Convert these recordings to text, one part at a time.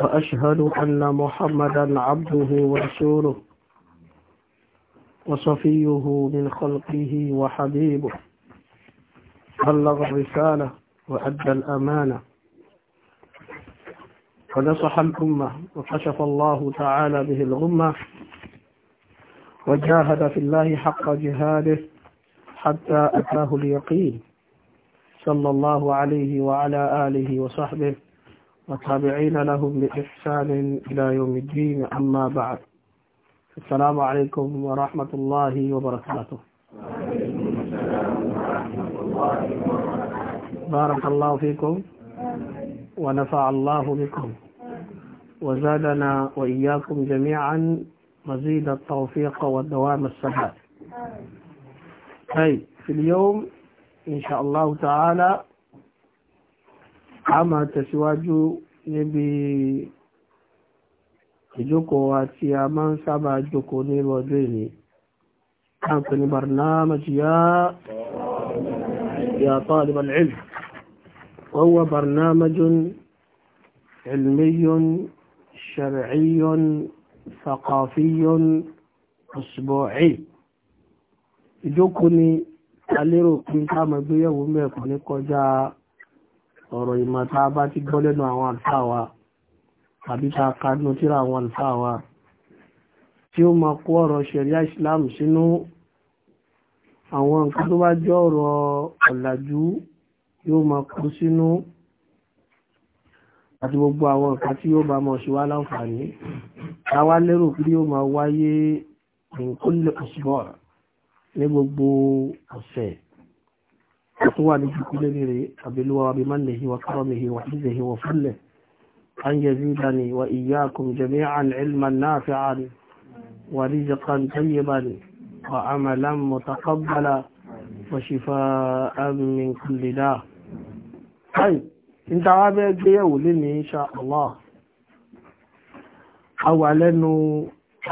وأشهد أن محمدا عبده ورسوله وصفيه من خلقه وحبيبه بلغ الرسالة وأدى الأمانة ونصح الأمة وكشف الله تعالى به الغمة وجاهد في الله حق جهاده حتى أتاه اليقين صلى الله عليه وعلى آله وصحبه وتابعين لهم بإحسان إلى يوم الدين أما بعد السلام عليكم ورحمة الله وبركاته بارك الله فيكم ونفع الله بكم وزادنا وإياكم جميعا مزيد التوفيق والدوام السداد أي طيب، في اليوم إن شاء الله تعالى a máa tẹ̀síwájú níbi ìjókòó àti a máa ń sábà jókòó ní ọjọ́ ìní káàkiri ní barnáàmàjì yá ya talib al-ilm wa huwa barnáàmàjì ilmiyun shar'iyyun thaqafiyyun usbu'i ìjókòó ni alérò pín ká ọ̀rọ̀ ìmọ̀ tá a bá ti gbọ́ lẹ́nu àwọn àlùfáà tàbí tá a ka nínú tírà àwọn àlùfáà wa tí ó máa kó ọ̀rọ̀ ṣẹ̀ríà Islam sínú àwọn nǹkan tó bá jẹ́ ọ̀rọ̀ ọ̀làjú yóò máa kó sínú àti gbogbo àwọn nǹkan tí yóò bá máa ṣe wá láǹfààní táwa lérò pé yóò máa wáyé nǹkan lè kọ̀ sí ní gbogbo ọ̀sẹ̀. أطوال كل بالله بمنه وكرمه وحزه وفله أن يزيدني وإياكم جميعا علما نافعا ورزقا طيبا وعملا متقبلا وشفاء من كل داء طيب انت عابد ليولني إن شاء الله أولا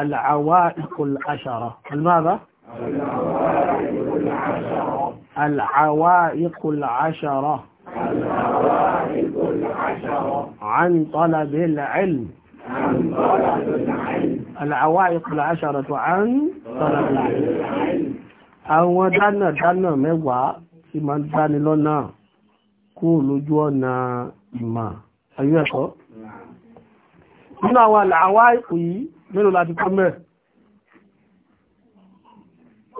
العوائق العشرة الماذا؟ العوائق العشرة العوائق العشرة العوائق العشرة عن طلب العلم عن طلب العلم العوائق العشرة عن طلب العلم àwọn dánàdánà mẹ́wàá tí ma ń dáni lọ́nà kú lójú ọ̀nà ìmà ayé ẹ̀kọ́ nínú àwọn àlàáwá ìpò yìí mélòó láti kọ́ mẹ́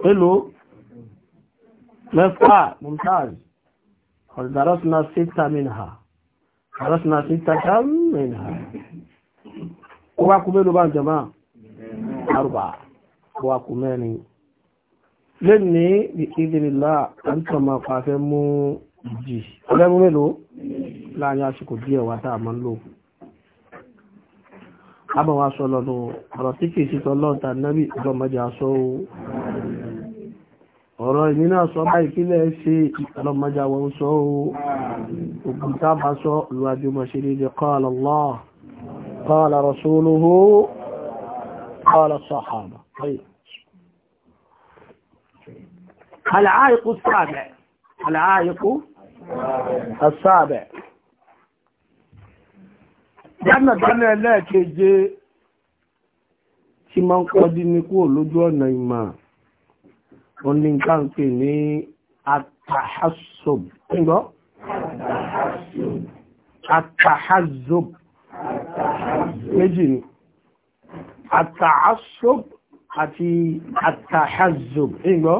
mélòó مفقع ممتاز قد درسنا ستة منها درسنا ستة منها وواكو مينو بان جماعة أربعة وواكو ميني lẹ́ni bí ìdínlá àǹtọ̀ máa pa fẹ́ mú ìjì ọlẹ́mú mélòó láàrin àsìkò díẹ̀ wá tá a máa ń lò a bọ̀ wá sọ lọ́nà ọ̀rọ̀ tí kìí sí tọ́lọ́ta nábì ọlọ́mọdé aṣọ́ ọ̀rọ̀ ìní náà sọ bá ìpínlẹ̀ ṣe ọlọ́mọjà wọn sọ ogun tábà sọ ìwájú mọ̀ṣe lédè qala Allah qala rasuluhu qala sahaba العائق السابع العائق السابع لأن الدنيا لا máa ń kọ́ dí ní kúrò lójú ọ̀nà ìmọ̀ òun ní nǹkan pè ní atahasob ńgbọ́ atahasob méjì ni atahasob àti atahasob ńgbọ́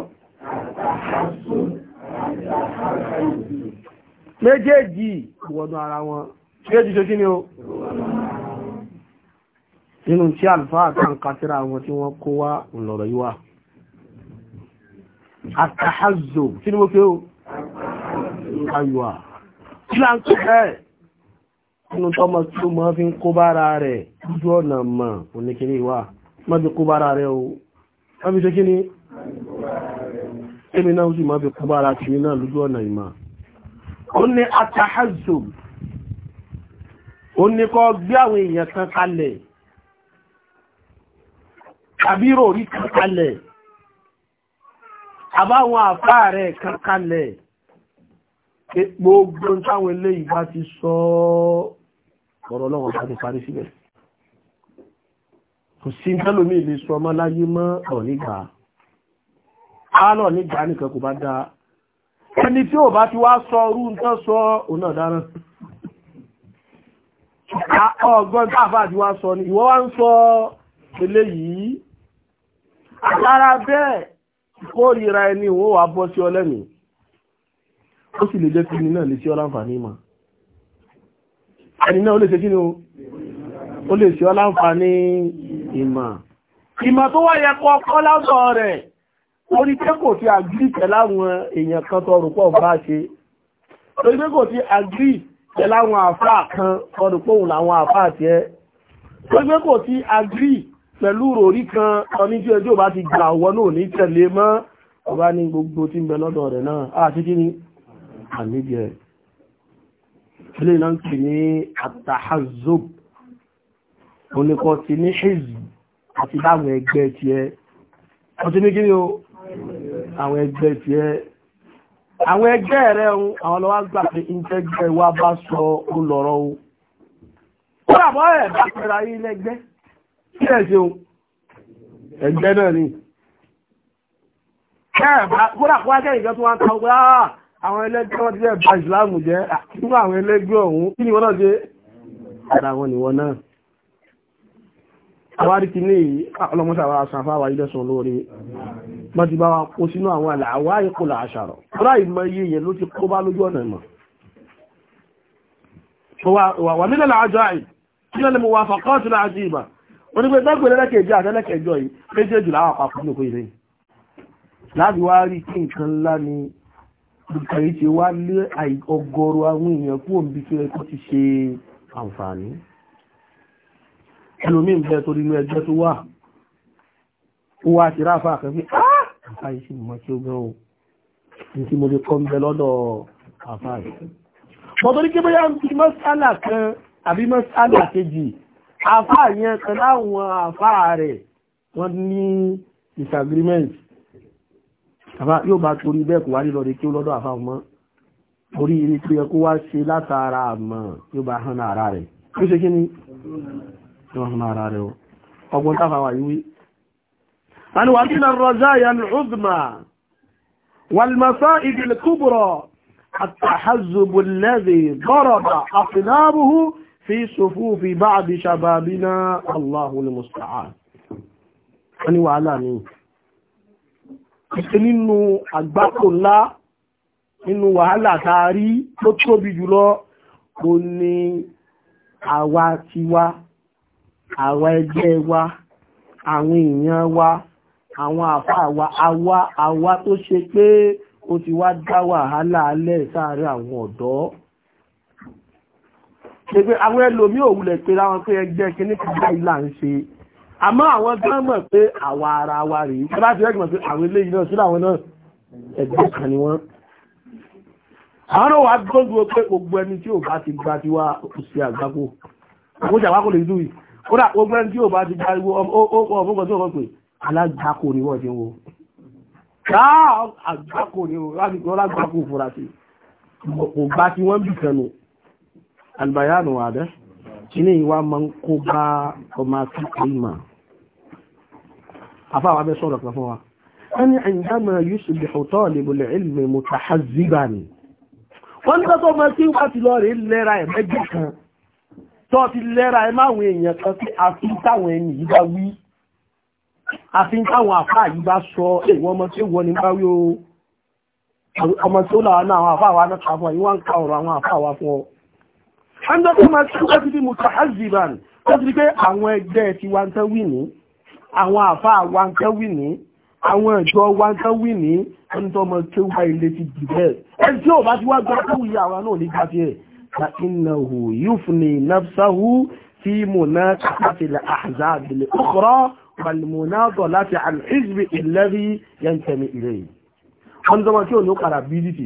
méjèèjì wọ̀nà ara wọn méjèèjì tó kí ni o nínú tí àlùfáà kan kásíra àwọn tí wọ́n kó wá ńlọ̀rọ̀ yíwá àtàhàzò kí ni mo fi ó ayọ̀à kí là ń tó bẹ́ẹ̀ nínú tọ́mọ tí ó mọ́ fi ń kó bára rẹ̀ lójú ọ̀nà mọ̀ oníkiri wà má fi kó bára rẹ̀ o má fi ṣe kí ni èmi náà sì má fi kó bára kiri náà lójú ọ̀nà ìmọ̀ ó ní àtàhàzò ó ní kọ́ gbé àwọn èèyàn kan kalẹ̀ tàbí rò rí kan kalẹ̀ àbáwọn àfá rẹ̀ kankanlẹ̀ gbogbo táwọn eléyìí bá ti sọ ọ̀rọ̀ lọ́wọ́ bá ti parí síbẹ̀ kò sí tẹ́lómí ilé sọ ọmọ láyé mọ́ ọ̀nígbà àárọ̀ nígbà nìkan kò bá dáa ẹni tí ò bá ti wá sọ orú ń tán sọ òun náà ọgbọ́n táàfà ti wá sọ ni ìwọ wá ń sọ eléyìí àtàrà bẹ́ẹ̀ ìkórìíra ẹni wọ́n wà bọ́ sí ọ lẹ́mìí ó sì lè jẹ́ kí ni náà lè sí ọ láǹfààní mà ẹni náà ó lè ṣe kí ni o ó lè sí ọ láǹfààní ìmọ̀ ìmọ̀ tó wá yẹ kọ́ ọkọ́ lásọ̀ rẹ̀ orí pé kò ti àgírí pẹ̀láwọn èèyàn kan tọrù pọ̀ bá ṣe torí pé kò ti àgírí pẹ̀láwọn àfáà kan tọrù pòun làwọn àfáà tiẹ̀ torí pé kò ti àgírí pẹ̀lú ròrí kan ọní tí ẹjọ́ bá ti gbà wọ́n náà ní tẹ̀lé mọ́ ọba ní gbogbo tí ń bẹ lọ́dọ̀ rẹ̀ náà àti ah, kí ni àníbi ẹ̀ ilé náà ń pè ní àtàhàzòb oníkọ́ ti ní ṣèzì àti láwọn ẹgbẹ́ ti ẹ àwọn lọ́wọ́ gbà pé ìjẹ́gbẹ́ wa bá sọ ó lọ́rọ̀ o kó dàbọ̀ ẹ̀ bá pẹ̀lú ayé lẹ́gbẹ́ kí ẹ̀ ṣeun ẹ̀gbẹ́ náà ni kódà kó wájẹ́ ìjọ tó wá ń ta ọgbà ah, àwọn ẹlẹ́gbẹ́ wọn ti jẹ́ bá ìsìláàmù jẹ́ nínú àwọn ẹlẹ́gbẹ́ ọ̀hún kí ni wọ́n náà ṣe ara wọn ni wọ́n náà àwárí kí ní ah, ọlọ́mọ́sàwà àṣàfáwà ilẹ̀sùn lórí wọ́n ti bá wa kó sínú àwọn àlàáwá ìkó làṣàrọ̀ kódà ìmọ̀ iye yẹn ló ti kó bá lójú ọ̀nà ìmọ̀ wà nílẹ̀ làájọ́ àì onígbé tọ́gbé lẹ́lẹ́kẹ̀ẹ́jọ àtẹ́lẹ́kẹ̀ẹ́jọ yìí méjèèjì láwọn àpapọ̀ ní òkúyè lẹ́yìn láti wá rí kí nǹkan ńlá ni nǹkan yìí ti wá lé ọgọ́rọ̀ àwọn èèyàn kú òǹbí tí ẹkọ́ ti ṣe àǹfààní ẹlòmíín bẹ torí inú ẹgbẹ́ tó wà ó wá ti ráfà kan pé àfà yìí sì mọ kí ó gan o ní tí mo lè kọ́ ń bẹ lọ́dọ̀ àfà yìí. mọ̀tò àfá yẹn kan láwọn àfá rẹ̀ wọ́n ní disagreement àfá yóò bá torí bẹ́ẹ̀ kò wá nílọ rẹ̀ kí ó lọ́dọ̀ àfá mọ́ orí ilé tó yẹ kó wá ṣe látara àmọ́ yóò bá hàn ara rẹ̀ ó ṣe kí ni ọgbọ́n táfà wà yíwí الكبرى التحزب الذي ضرب أصلابه fi sufufi ba'di shababina Allahul musta'an wọ́n ni wàhálà ní ìṣẹ́ nínú àgbákò ńlá nínú wàhálà tààrí tó tóbi jùlọ ó ní àwa tiwa àwa ẹgbẹ́ wa àwọn èèyàn wa àwọn àfáà wa àwa àwa tó ṣe pé ó ti wá dá wàhálà alẹ́ sáàárín àwọn ọ̀dọ́ pé àwọn ẹlòmí òwúlẹ̀ pé láwọn pé ẹgbẹ́ kí ní kàdá ìlà ń ṣe àmọ́ àwọn gan mọ̀ pé àwa ara wa rèé ẹ bá pé àwọn eléyìí náà sí làwọn náà ẹgbẹ́ kan ni wọ́n àwọn náà wà gbogbo pé gbogbo ẹni tí ò bá ti gba tiwa òsì àgbákò àwọn ìjà wákò lè dùn yìí kódà gbogbo ẹni tí ò bá ti gba iwo ni wọ́n ti wo àgbákò ni wọ́n lágbákò fúra sí kò tí wọ́n bì albayanu wàdá kíní ìwà máa ń kó bá ọmọ akẹ́kọ̀ọ́ ìmọ̀ afáwà bẹ́ sọ̀rọ̀ kan fún wa ẹni àyíkámà yusbihu talibul ilmi mutahazziban wọ́n ní tọ́tọ́ máa kí wá ti lọ rèé lẹ́ra ẹ̀ mẹ́jọ kan tọ́ ti lẹ́ra ẹ máwọn èèyàn kan sí àfi táwọn ẹni yìí bá wí àfi táwọn àfá yìí bá sọ èèwọ̀n ọmọ tí ó wọ ní bá wí o ọmọ tí ó làwọn àwọn àfá náà kà ìwọ́n ń ka ọ̀rọ̀ àwọn àfá fún ọ ṣáńdọ́ tó máa ṣe láti bí mutahaziban tó ti pé àwọn ẹgbẹ́ ti wá ń tán wì ní àwọn àfa wá ń tán wì ní àwọn ìjọ wá ń tán wì ní ẹni tó mọ tó wá ilé ti dì bẹ́ẹ̀ ẹni tí ò bá ti wá gba tó wù yí àwa náà nígbà tí ẹ̀ ta innahu yufni nafsahu fi munaqashati al-ahzab al-ukhra wal-munadalati al-hizb alladhi yantami ilayhi wọ́n ní sọ́mọ́ tí ò ní ó padà bí dìtì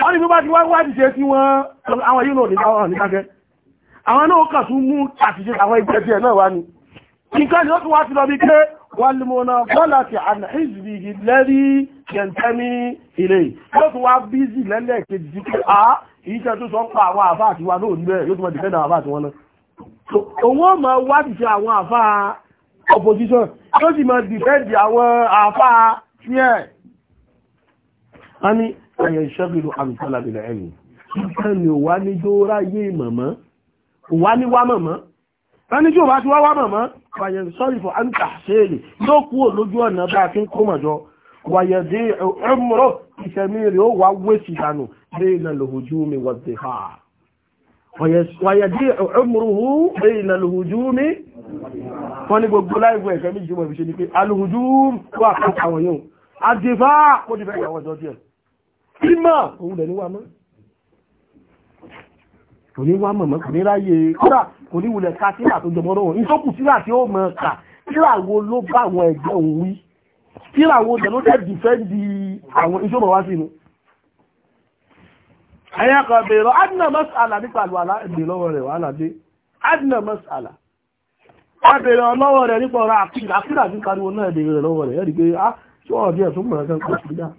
àwọn ìlú bá ti wá wá ìṣẹ́ tí wọ́n àwọn yìí náà nìkan nìkanjẹ́ àwọn náà kà tún mú àṣìṣe àwọn ìjẹ́ tí ẹ̀ náà wá ní nǹkan ni ó tún wá ti lọ bí pé wàlùmọ̀nà bọ́lá ti àná ìzìbì ìlẹ́rí kẹntẹ́mí ilé yóò tún wá bízì lẹ́lẹ́kejì sí pé a ìṣẹ́ tó sọ pa àwọn àfá àti wa náà níbẹ̀ yóò tún wá dìfẹ́ndà àfá àti wọn náà òun ó mọ wá ti ṣe àwọn àfá opposition yóò sì mọ dìfẹ́ndì àwọn àfá tiẹ̀ ayẹ ìṣẹ́gbìlú àmìsọ́làbìlẹ̀ ẹ̀yìn ìkan ni ò wá ní jó ráyé mọ̀mọ́ ò wá ní wá mọ̀mọ́ ẹni tí ò bá ti wá wá mọ̀mọ́ wàyẹ̀ sọ́rì fún àǹtà ṣéèlì yóò kú lójú ọ̀nà bá a fi ń kó mọ̀jọ wàyẹ̀ dé ẹmúrò ìṣẹ̀mí rẹ̀ ó wá wé sí ìdánù bẹ́ẹ̀ na lòhùjú mi wà dé ha wàyẹ̀ dé ẹmúrò hù bẹ́ẹ̀ na lòhùjú mi wọ́n ní gbogbo láìpẹ́ ìṣẹ́mí ìṣẹ́mí ìṣẹ́mí pé alòhùjú wà fún àwọn yóò àdìfá ó ti fẹ́ ìyàwó ọjọ́ díẹ̀ ìmọ̀ òun lẹ̀ ní wa mọ́ kò ní wá mọ̀mọ́ kò ní ráyè kódà kò ní wulẹ̀ ká sílà tó jọmọ́ lọ́wọ́ ní sókù sílà tí ó mọ̀ kà sílà wo ló bá àwọn ẹgbẹ́ òun wí sílà wo dẹ̀ ló jẹ́ dìfẹ́ǹdì àwọn iṣẹ́ òmọ̀ wá sínú. ẹ̀yà kan bèèrè adina masala nípa àlùwàlá èdè lọ́wọ́ rẹ̀ wàhálà dé adina masala a bèèrè lọ́wọ́ rẹ̀ nípa ọ̀rọ̀ àkìlà àkìlà ti kariwo náà èdè rẹ̀ lọ́wọ́ rẹ̀ yẹ́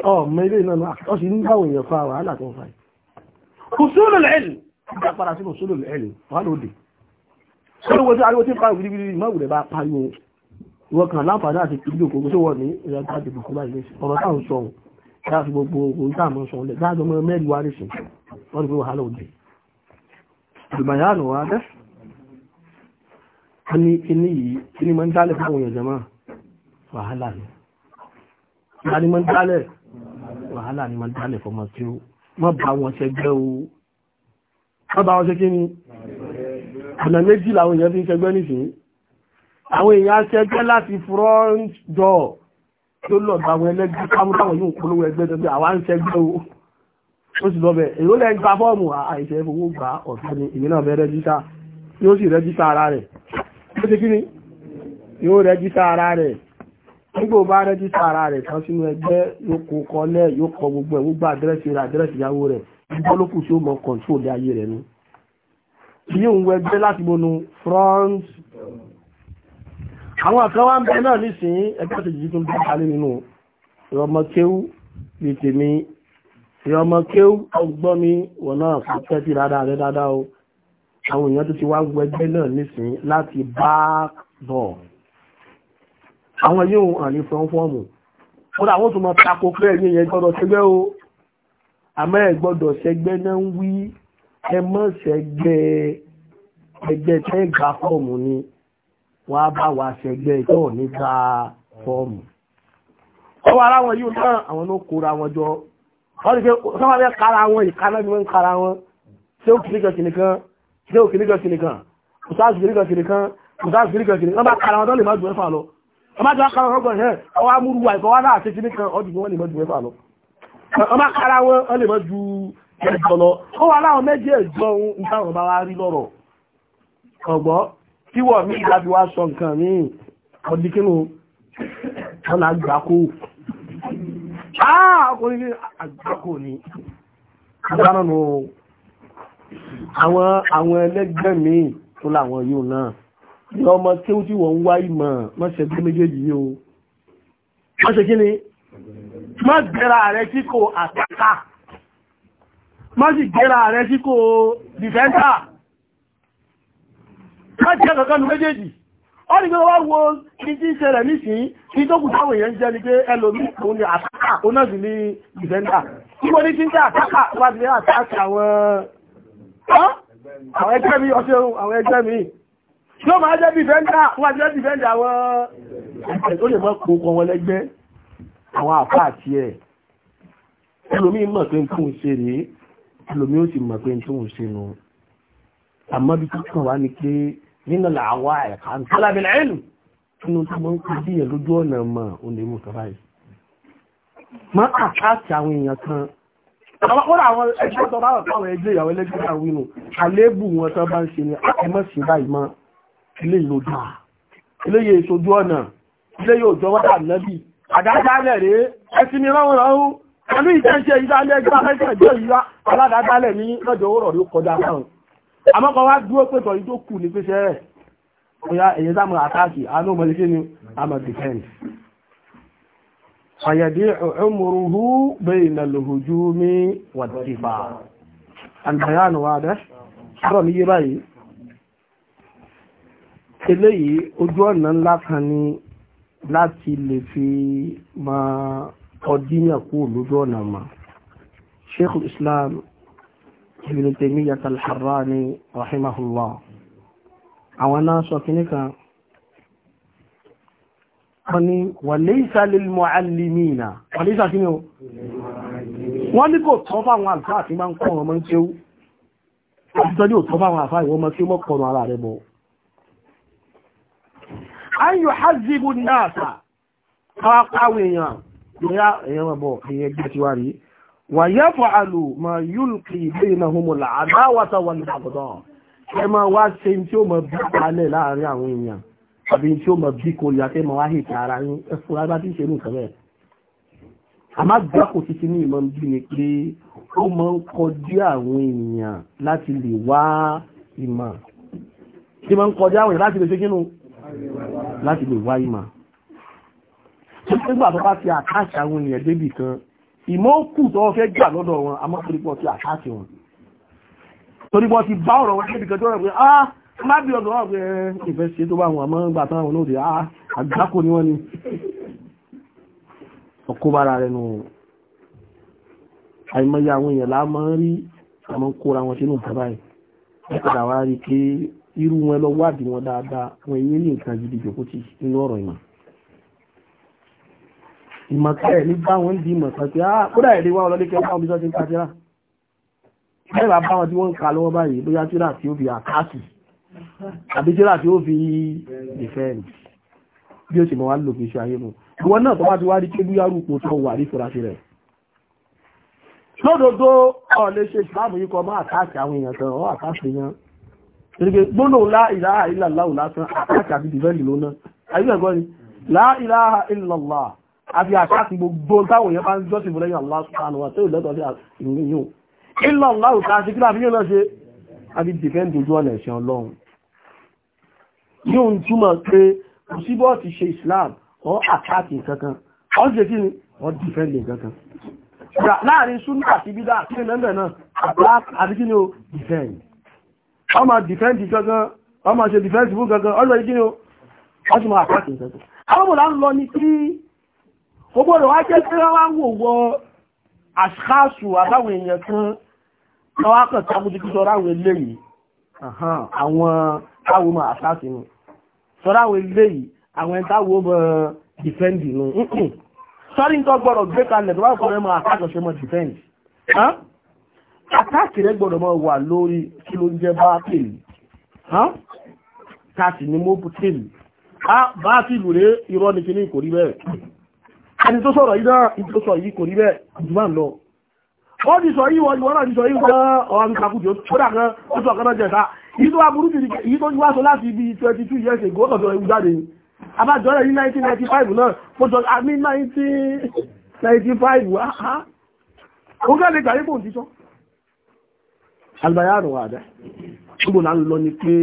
ọmọ ilé ìnáná ó sì ń dáwọn èèyàn fa wàhálà tó ń fa yìí usulul ilm ìdápadà sínú usulul ilm wàhálà òde sọ́dọ̀wọ́ tí ariwo tí ń pa ìwìrìwìrì ìmọ̀ ìwòrẹ̀ bá pariwo wọ́n kàn láǹfààní àti ìpínlẹ̀ òkú tó wọ́n ní ìrẹ́ta àti ìbùkún báyìí lẹ́sìn ọ̀rọ̀ táwọn sọ ohun láti gbogbo ohun táwọn sọ ohun lẹ̀ láàjọ mọ́ mẹ́rin wá rèsìn wọ́n ní pé wàhálà òde ìgbàyànù wa dẹ́ a ní kíní yìí kíní mọ́ ń dálẹ̀ fún àwọn èèyàn jẹ́ mọ́ wàhálà ni wàhálà ni ma dálẹ̀ fọmọ tí ó mọ́ bá wọn ṣẹgbẹ́ o mọ́ bá wọn ṣe kí ni ọ̀nà méjì làwọn èèyàn fi ń ṣẹgbẹ́ nìsín àwọn èèyàn ṣẹgbẹ́ láti front door tó lọ bá àwọn ẹlẹ́gbẹ́ kámúráwọ̀ yóò polówó ẹgbẹ́ tó bí àwa ń ṣẹgbẹ́ o ó sì lọ́bẹ̀ èrò lẹ́ gba fọ́ọ̀mù àìṣẹ́ owó gba ọ̀tọ́ ni èmi náà fẹ́ rẹ́jísà yóò sì rẹ́jísà ara rẹ̀ yóò ṣe kí ni yóò rẹ́jísà ara rẹ̀ nígbà ó bá rẹ́jí sára rẹ̀ kan sínú ẹgbẹ́ yóò kó kọlẹ̀ yóò kọ gbogbo ẹ̀ gbogbo àdírẹ́sì rẹ̀ àdírẹ́sì ìyàwó rẹ̀ ìbọn ló kù sí ó mọ kọ̀ǹtò lé ayé rẹ̀ nu. ìyí òun wọ ẹgbẹ́ láti bọnu front. àwọn kan wá ń bẹ náà nísìnyí ẹgbẹ́ tó jìjì tó bá kalẹ̀ nínú ìrọmọ kéwú bíi tèmi ìrọmọ kéwú ọgbọ́n mi wọ̀ náà kò tẹ́tí dáadáa rẹ dáadáa o àwọn èèyàn tó ti wá wọ ẹgbẹ́ náà nísìnyí láti back door àwọn yóò hàn ní fọ́nfọ́ọ̀mù ó dà wọ́n tún tako pé ẹ̀yìn yẹn gbọ́dọ̀ ṣẹgbẹ́ o àmọ́ ẹ̀ gbọ́dọ̀ ṣẹgbẹ́ náà ń wí ẹ mọ́ ṣẹgbẹ́ ẹgbẹ́ tẹ́ gba fọ́ọ̀mù ni wọ́n á bá wa ṣẹgbẹ́ tó ní gba fọ́ọ̀mù. ọwọ́ ara wọn yìí náà àwọn ló kóra wọn jọ wọ́n ti pé sọ́wọ́n fẹ́ kára wọn ìkaná ni wọ́n kára wọn ṣé ó kìnnìkan kìnnìkan ṣé ó kìnnìkan kìnnìkan kùsáàsì kìnnìkan kìnnìkan kùsáàsì kìnnìkan kìnnìkan wọ́n bá kára wọn tó lè má jù ẹ́ fà lọ ọmọ tó kára ọgbọ̀n ẹ̀ ọwọ́ amúrúwà ìkọwà náà ṣe kìíní kan ọdún wọn lè mọ́ ju mẹ́fà lọ ọmọ kára wọn ọ lè mọ́ ju ẹ̀jọ lọ ó wà láwọn méjì ẹ̀jọ ohun nǹkan ọ̀rọ̀ bá wá rí lọ́rọ̀ ọ̀gbọ́ tí wọ́n mi ìdájú wá sọ nǹkan ní ọdíkínú ọ̀nà àgbákò ọkùnrin ní àgbákò ni àwọn ẹlẹ́gbẹ́ mi tó láwọn yóò náà ní ọmọ kéwú tí wọ́n ń wá ìmọ̀ má ṣe gbé méjèèjì yìí o má ṣe kí ni má gbéra rẹ tí kò àtàkà má sì gbéra rẹ tí kò dìfẹ́ńtà má jẹ́ kankan nu méjèèjì ó ní gbogbo wá wo kí tí ń ṣẹlẹ̀ nísìnyí kí tó kù táwọn èèyàn jẹ́ ni pé ẹlòmíì òun ni àtàkà òun náà sì ní dìfẹ́ńtà níbo ní tí ń jẹ́ àtàkà wá sí àtàkà àwọn tí ó máa jẹ́ dìfẹ́ndà wọ́n jẹ́ dìfẹ́ndà àwọn ẹ̀kẹ́ lè mọ́ kó kan wọn lẹ́gbẹ́ àwọn àpá àti ẹ̀ ẹlòmí mọ̀ pé tó ń ṣe rèé ẹlòmí ó sì mọ̀ pé tó ń ṣe nù àmọ́ bí kíkàn wá ní pé nínú làwà ẹ̀ka ń tọ́lá bí lẹ́nu tó mọ́ ń kó bí ẹ̀ lójú ọ̀nà mọ̀ ó mú kaba yìí má àkáàtì àwọn èèyàn kan Àwọn àwọn ẹgbẹ́ tó bá ẹgbẹ́ ìyàwó ẹlẹ́gbẹ́ àwọn inú, eléyìí ló dáa eléyìí ìṣojú ọ̀nà eléyìí òjò wọ́dà nẹ́bì àdádálẹ̀ rèé ẹtí mi ráhùn ráhùn pẹ̀lú ìtẹ́ṣẹ́ ìdálẹ́ ẹgbẹ́ akẹ́kẹ̀ẹ́jọ́ ìyá aládádálẹ̀ ní lọ́jọ́ òwúrọ̀ rí kọjá sáhùn àmọ́kọ̀ wá dúró pé tọ̀yí tó kù ní pẹ́ṣẹ́ rẹ̀ ọya èyí sáàmù àtàkì anúmọ̀lẹ́ kí ni a mọ̀ dìfẹ́ǹsì fàyẹ̀dí ọmọrùhú bẹ́ẹ̀ na lòhùjú mi wà eléyìí ojú ọ̀nà ńlá kan ni láti lè fi máa ọdíyàn kúrò lójú ọ̀nà mọ́ sheikh islam ibn taymiyyah al-harrani rahimahullah àwọn náà sọ kìíní kan wọ́n ní walaysa lil mu'allimina walaysa kí ni ó wọ́n ní kò tọ́ fáwọn àlùfáà tí máa ń kọ́ ọmọ ń kéwú àtijọ́ ní ò tọ́ fáwọn àlùfáà ìwọ́n máa kí mọ́ kọ̀ọ̀nù ara rẹ̀ bọ̀ ayò hazibu náà ta káwàkáwà èèyàn ìyá èèyàn bọ̀ èèyàn gbé ti wá rí wà yẹ́ fọ́ àlù ma yúlùkì ilé iná homola àdáwàtà wà ní àbọ̀dọ̀ ẹ máa wá ṣe tí ó mọ̀ bí kalẹ̀ láàrin àwọn èèyàn àbí tí ó mọ̀ bí kò yà tẹ́ mọ̀ wá hìtì ara yín ẹ fúra bá ti ṣe ní ìkẹ́rẹ́ àmá gbákò títí ní ìmọ̀ bí ni pé ó mọ̀ ń kọjú àwọn èèyàn láti lè wá ìmọ̀ tí ń kọjú àwọn èèyàn láti lè ṣe kínú láti lè wá ìmọ̀ nígbà tó bá ti àkáàṣì àwọn ènìyàn débì kan ìmọ̀ kù tó fẹ́ gbà lọ́dọ̀ wọn a máa torípọ̀ ti àkáàṣì wọn torípọ̀ ti bá ọ̀rọ̀ wọn débì kan tó rẹ̀ pé ah má bí ọ̀dọ̀ wọn pé eh, ìfẹ́ ṣe tó bá wọn àmọ́ gbà tán àwọn olóòdì ah àgbákò ni wọ́n ni ọkọ̀ bára rẹ̀ nù àìmọye àwọn èèyàn lá máa ń rí àwọn kóra wọn sínú ìjọba yìí irú wọn lọ wádìí wọn dáadáa wọn èyí ní nǹkan gidi jòkó ti nínú ọ̀rọ̀ ìmọ̀ ìmọ̀ká ẹ̀ ní bá wọn di ìmọ̀ kan pé á ah, kódà ẹ̀ lè wá ọlọ́lé kí ọkọ̀ ọmọdé ti ń ka tíra bẹ́ẹ̀ bá bá wọn tí wọ́n ń ka lọ́wọ́ báyìí bóyá tíra tí ó fi àkáàsì àbí tíra tí ó fi dìfẹ́ẹ̀nì bí ó sì mọ̀ wá lò fi ṣe ayé mu ìwọ náà tó bá ti wá rí kébú yárù kò tó lódodo ọ̀ ìsìláàmù yìí kọ́ mọ́ àkáàsì àwọn èèyàn kan ọ́ àkáàsì èèyàn ìrìgbè gbóná la ilaha illallah lásán àtàkì àti dìvẹ́lì lóná ayúgbẹ̀gbọ́ ni la ilaha illallah àfi àtàkì gbogbo táwọn èèyàn bá ń jọ́sìn fún lẹ́yìn Allah subhanahu wa ta'ala lẹ́tọ̀ sí ìrìn yóò illallah ta sí kíláà fíyàn náà ṣe àti dìfẹ́ǹdì ojú ọ̀nà ẹ̀sìn ọlọ́run yóò ń túmọ̀ pé kò sí bọ́ ti ṣe Islam ọ àtàkì kankan ọ ṣe kí ni ọ dìfẹ́ǹdì kankan láàrin súnmọ́ àti bídà kí ni lẹ́mẹ̀ náà àti kí ni ó dìfẹ́ǹdì wọ́n máa dìfẹ́ǹdì gangan wọ́n máa ṣe dìfẹ́ǹdì fún gangan ọlọ́ ìdí ni ó wọ́n sì máa pàtàkì gangan àwọn mọ̀lá ń lọ ní tí gbogbo rẹ̀ wá jẹ́ pé wọ́n wò wọ àṣkáṣù àbáwọn èèyàn kan wọ́n á kàn sábójú kí sọ́ra àwọn eléyìí àwọn táwọn ọmọ àṣkáṣù nù sọ́ra àwọn eléyìí àwọn ẹni táwọn ọmọ dìfẹ́ǹdì nù sọ́rí nǹkan gbọ́dọ̀ gbé kalẹ̀ tó wà kọ́ àkáàkì rẹ gbọ́dọ̀ máa wà lórí kí ló ń jẹ́ báàtìlì káàkì ni mo bùtìlì báàtìlì rẹ irọ́ ni kí ní kò rí bẹ́ẹ̀ ẹni tó sọ̀rọ̀ yìí náà ìjọ sọ yìí kò rí bẹ́ẹ̀ jù máa ń lọ ó ti sọ yìí wọ́n náà ti sọ yìí wọ́n ọ̀rọ̀ mi kàkùjọ ó sọ kan náà jẹ̀ta yìí tó wá burú jù yìí tó wá sọ láti ibi twenty two years ago ọ̀sọ̀ ìwú jáde abájọ́ rẹ̀ ní nineteen ninety five náà mo sọ àmì nineteen ninety five ó gẹ́lẹ́ gbàyé kò ń ti sọ albayaro wàdá gbogbo là ń lọ ni pé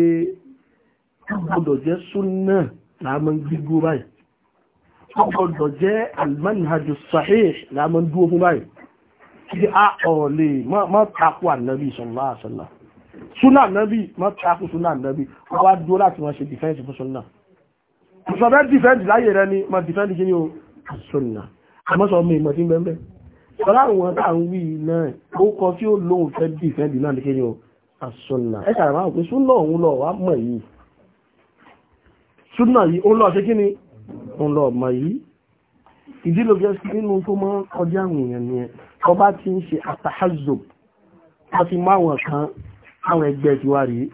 gbọdọ̀ jẹ́ súnà láàmọ́ gbígbó báyìí gbọdọ̀ jẹ́ almanhajus sahih láàmọ́ dúró fún báyìí kí a ọ̀lẹ̀ má takú ànábì sallallahu alaihi wasallam súnà ànábì má takú súnà ànábì wọ́n wá dúró láti wọ́n ṣe dìfẹ́ǹsì fún súnà ìṣọ̀bẹ́ dìfẹ́ǹsì láyé rẹ ni má dìfẹ́ǹsì kí ni o súnà àmọ́sọ̀ ọmọ ìmọ̀ tí ń bẹ́ẹ̀ tọ́láwọn tá ń wí náà ó kọ tí ó lóhun fẹ́ dì fẹ́ dì náà ní o àsọ̀nà ẹ ṣàrà máa pé súnà òun lọ wá mọ̀ yìí súnà yìí ó lọ ṣe kí ni òun lọ mọ̀ yìí ìdí ló jẹ́ nínú tó máa ń kọjá àwọn èèyàn ni ẹ tó bá ti ń ṣe àtàhàzò wọ́n ti mú àwọn kan àwọn ẹgbẹ́ ti wá rèé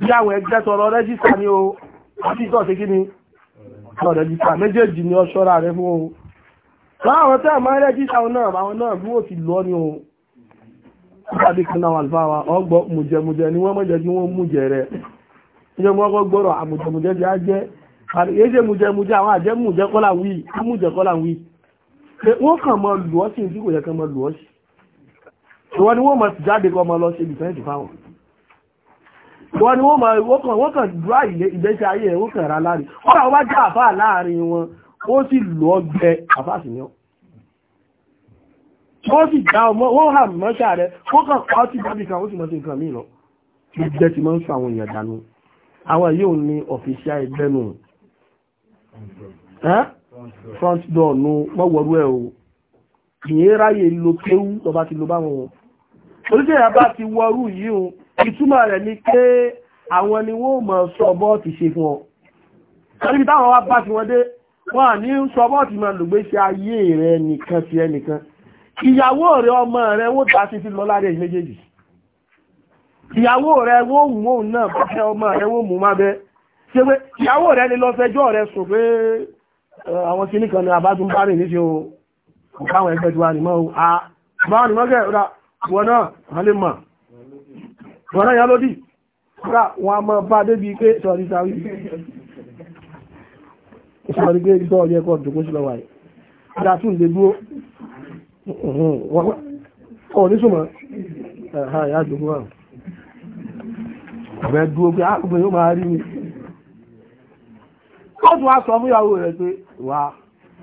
bí àwọn ẹgbẹ́ tọrọ rẹ́jísà ni o wọ́n ti tọ́ ṣe kí ni tọ́ rẹ́jísà méjèèjì ni ọ o láwọn tẹ́ ma rẹ́jísà náà àwọn náà bí wọ́n ti lọ ní ohun tàbí kanáà alfáwa ọgbọ́ mùjẹmùjẹ ni wọ́n mọ́jẹ kí wọ́n mújẹ rẹ̀ ṣe mọ́kọ́ gbọ́rọ̀ àmùjẹmùjẹ jẹ́ ajẹ́ àríyéṣe mùjẹmùjẹ àwọn àjẹ́ mùjẹkọ́lá wí mújẹkọ́lá wí wọ́n kàn mọ́ lù ọ́ sí ní tí kò yẹ kàn mọ́ lù ọ́ sí ìwọ́n ni wọ́n mọ̀ sí jáde kọ́ mọ́ lọ ó sì lọ ọgbẹ àfáàsì ni ó wọ́n sì dá ọmọ wọ́n hà mọ́ṣà rẹ̀ wọ́n kàn pa ọtí dábì kan ó sì mọ́ sí nǹkan mí lọ gbígbẹ́ ti máa ń sọ àwọn èèyàn dànù àwọn yóò ní ọ̀fíṣà ẹgbẹ́ nù front door nu mọ́wọ́rú ẹ̀ o ìyẹn ráyè lo kéwú lọ́ba ti lo báwọn o oríṣẹ́ ìyá bá ti wọrú yìí o ìtumọ̀ rẹ̀ ni pé àwọn ni wọ́n mọ̀ sọ bọ́ọ̀tì ṣe fún ọ wọ́n ní ń sọ bọ́ ti máa lògbé ṣe ayé rẹ nìkan ti ẹnìkan ìyàwó rẹ ọmọ rẹ wó ta sí ti lọ láàrin ẹ̀yìn méjèèjì ìyàwó rẹ wó mú òun náà bẹ́ ọmọ rẹ wó mú má bẹ́ ṣe ìyàwó rẹ ni lọ fẹjọ́ rẹ sùn pé àwọn kìíní kan ní abátún bá rìn níṣe o kò káwọn ẹgbẹ́ tí wà ní mọ́ wọn náà wọn wọn a mọ̀ bá débi pé sọ̀rí sáré túnmọ̀ ní pé ìtọ́ ọ̀yẹ́ kọ́ dùn kó sí lọ́wọ́ yìí dá tún lè dúró ọ̀ ní súnmọ̀ ẹ̀hà ìyá dùnkún àwọn ọ̀bẹ dúró pé àkùnrin ah, yóò máa rí mi ó tún wá sọ fún ìyàwó rẹ̀ pé wà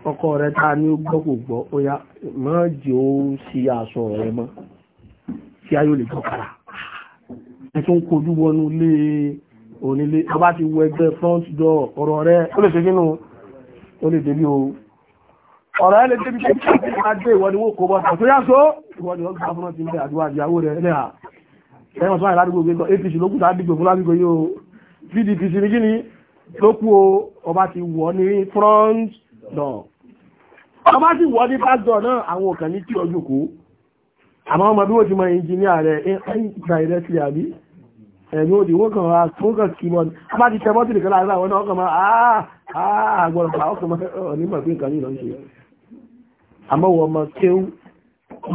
ọkọ rẹ̀ ta ni ó gbọ́ kò gbọ́ ó yá mọ́ jì ó sí aṣọ rẹ̀ mọ́ tí a yóò lè tọ́kara ẹ tún kojú wọnú ilé onílé ọba ti wọ ẹgbẹ́ front door ọ̀rọ̀ rẹ̀ ó lè ṣe kínú ó lè débi o ọ̀rọ̀ ẹ̀ lè débi pé kí adé ìwọ ni wọ́n kó bọ́ tó yá so ìwọ ni wọ́n gbà fún ọtí ilé àdúrà ìyàwó rẹ̀ ẹlẹ́ à ẹ̀wọ̀n tó wà ládùúgbò gbé lọ APC ló kù tá dìgbò fún ládùúgbò yìí o PDP sì ní kíni ló kù o ọba ti wọ̀ ní front door ọba ti wọ̀ ní back door náà àwọn òkàn ní tí ọjọ́ kó àmọ́ ọmọ bí wọ́n ti mọ ẹnjìníà rẹ̀ indirectly àbí ẹ̀mí òdì wọ́n kàn wá tó kàn kí mọ́ ọba ti tẹ́ mọ́tò nìkan láàárín àwọn náà àgbọ̀rọ̀ ah, pa ọkùn onímọ̀ pé nǹkan yìí lọ ṣe àmọ́wọ̀ ọmọ kéwú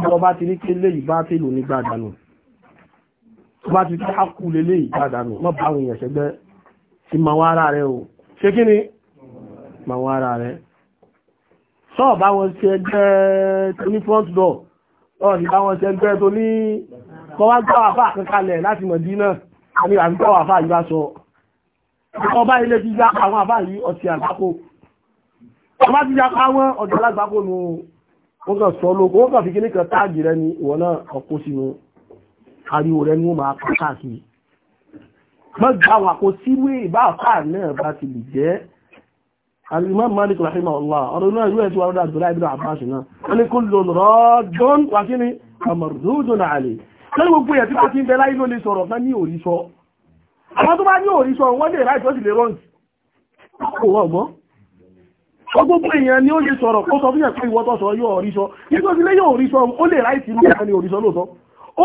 ọmọ bá ti ní ké léyìí bá tí lò nígbà àdánù bá ti tí hákù lè léyìí bá àdánù mọ́ bá àwọn èèyàn ti ma wá ara rẹ o ṣé kí ni ma wá ara rẹ sọ́ọ̀ bá wọn ṣe ẹgbẹ́ tó ní front door ọ̀ ọba ilé ti já àwọn àbá yìí ọtí àgbákò ọba ti já káwọn ọjọ́ alágbákò nù ó kàn sọ lóko ó kàn fi kíní kan táàgì rẹ ní ìwọ náà ọkọ sínú ariwo rẹ ní ó máa pa káàkiri mọ́ gba àwọn àkọsíwé ìbá àfà náà bá ti lè jẹ́ Malik rahimahullah ọ̀rọ̀ náà ìlú ẹ̀tí wàrúdà Abdullahi ibn Abbas náà wọ́n ní kullun raddun wà kí ni mardudun alayh lẹ́nu gbogbo ẹ̀ tí wọ́n ti ń bẹ láyé ló lè sọ̀rọ̀ àwọn tó bá ní òrìṣọ́ wọ́n lè ráì tó sì lè rọ́ǹtì kò wọ́n gbọ́ èèyàn ni ó lè sọ̀rọ̀ kó sọ fún pé ìwọ́tọ̀ sọ yóò òrìṣọ́ nítorí lé yóò òrìṣọ́ ó lè ráì tí ó lè ráì tí ó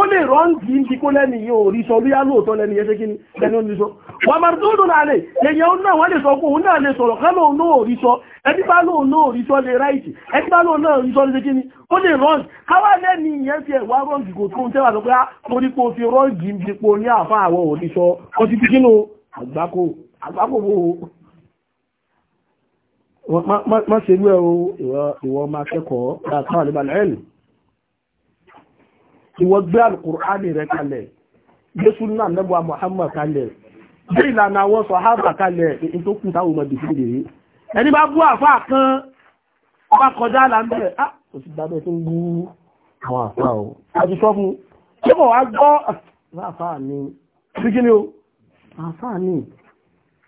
ó lè rọ́ǹgì ń bí kó lẹ́ni yìí ò rí sọ bí alóòtọ́ lẹ́ni yẹn ṣe kí lẹ́ni ó ní sọ wà máa tó dùn láàrẹ̀ èyàn ó náà wọ́n lè sọ pé òun náà lè sọ̀rọ̀ ká lóun náà rí sọ ẹni bá lóun náà rí sọ lè ráìtì ẹni bá lóun náà rí sọ lè kí ni ó lè rọ́ǹgì káwá lẹ́ni yẹn fi ẹ̀wà rọ́ǹgì kò tó ń tẹ́wà sọ pé á ah, torí pé o fi rọ́ǹgì ń dípo ní àfa àwọn ò rí sọ ó ti fi kínú àgbákò àgbákò wo má ṣe wẹ́ o ìwọ ọmọ akẹ́kọ̀ọ́ ìwọ gbé alukur'ani rẹ kalẹ̀ gbé sunna nẹ́bùa muhammad kalẹ̀ gbé ìlànà àwọn sọ̀hábà kalẹ̀ tó kù táwọn ọmọ ìdìbò rèé ẹni bá bú àfa kan ọba kọjá láńbẹ̀ á ah, kò sí dábẹ́ tó ń bú àwọn àfa o àti sọ fún ṣé kò wá gbọ́ àfa ni bí kí ni o àfa ni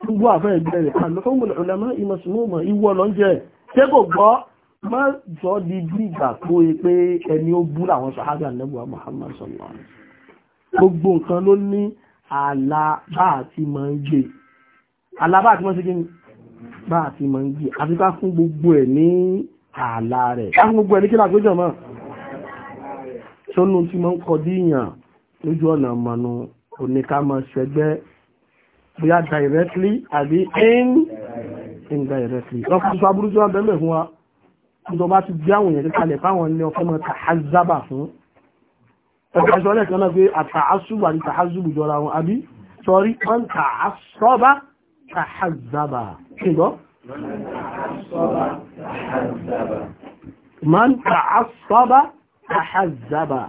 gbogbo àfa ẹgbẹ́ rẹ̀ kan lọ́fọ́ mọ̀lẹ́ ọ̀lẹ́mọ́ ìmọ̀sùnmọ́ ìwọ lọ́njẹ́ ṣé kò gbọ́ má sọ di bí ìgbà tó yẹ pé ẹni ó bú làwọn sàhábà nẹ́bùwà Muhammad sallallahu alaihi wasallam gbogbo nǹkan ló ní àlàbà àti máa ń gbé àlàbà àti máa ń ṣe kí ni bá àti máa ń gbé àti ká fún gbogbo ẹ̀ ní ààlà rẹ̀ ká fún gbogbo ẹ̀ ní kí làgbéjọ mọ́ sọ́nù tí máa ń kọ díyàn lójú ọ̀nà mọ̀nù oníká máa ṣẹgbẹ́ bóyá directly àbí in indirectly lọ́kùnrin sọ tí wọ́n bẹ́ẹ̀ fún wa ìjọba ti gbé àwọn èèyàn kalẹ̀ fáwọn ilé ọkọ̀ mọ́ tàházábà fún ọjọ́ ìṣọ́ lẹ́ẹ̀kan náà pé àtàásùbù àti tàházùbù jọra wọn àbí sọrí wọ́n tàásọ́bà tàházábà ṣùgbọ́ man tàásọ́bà tàházábà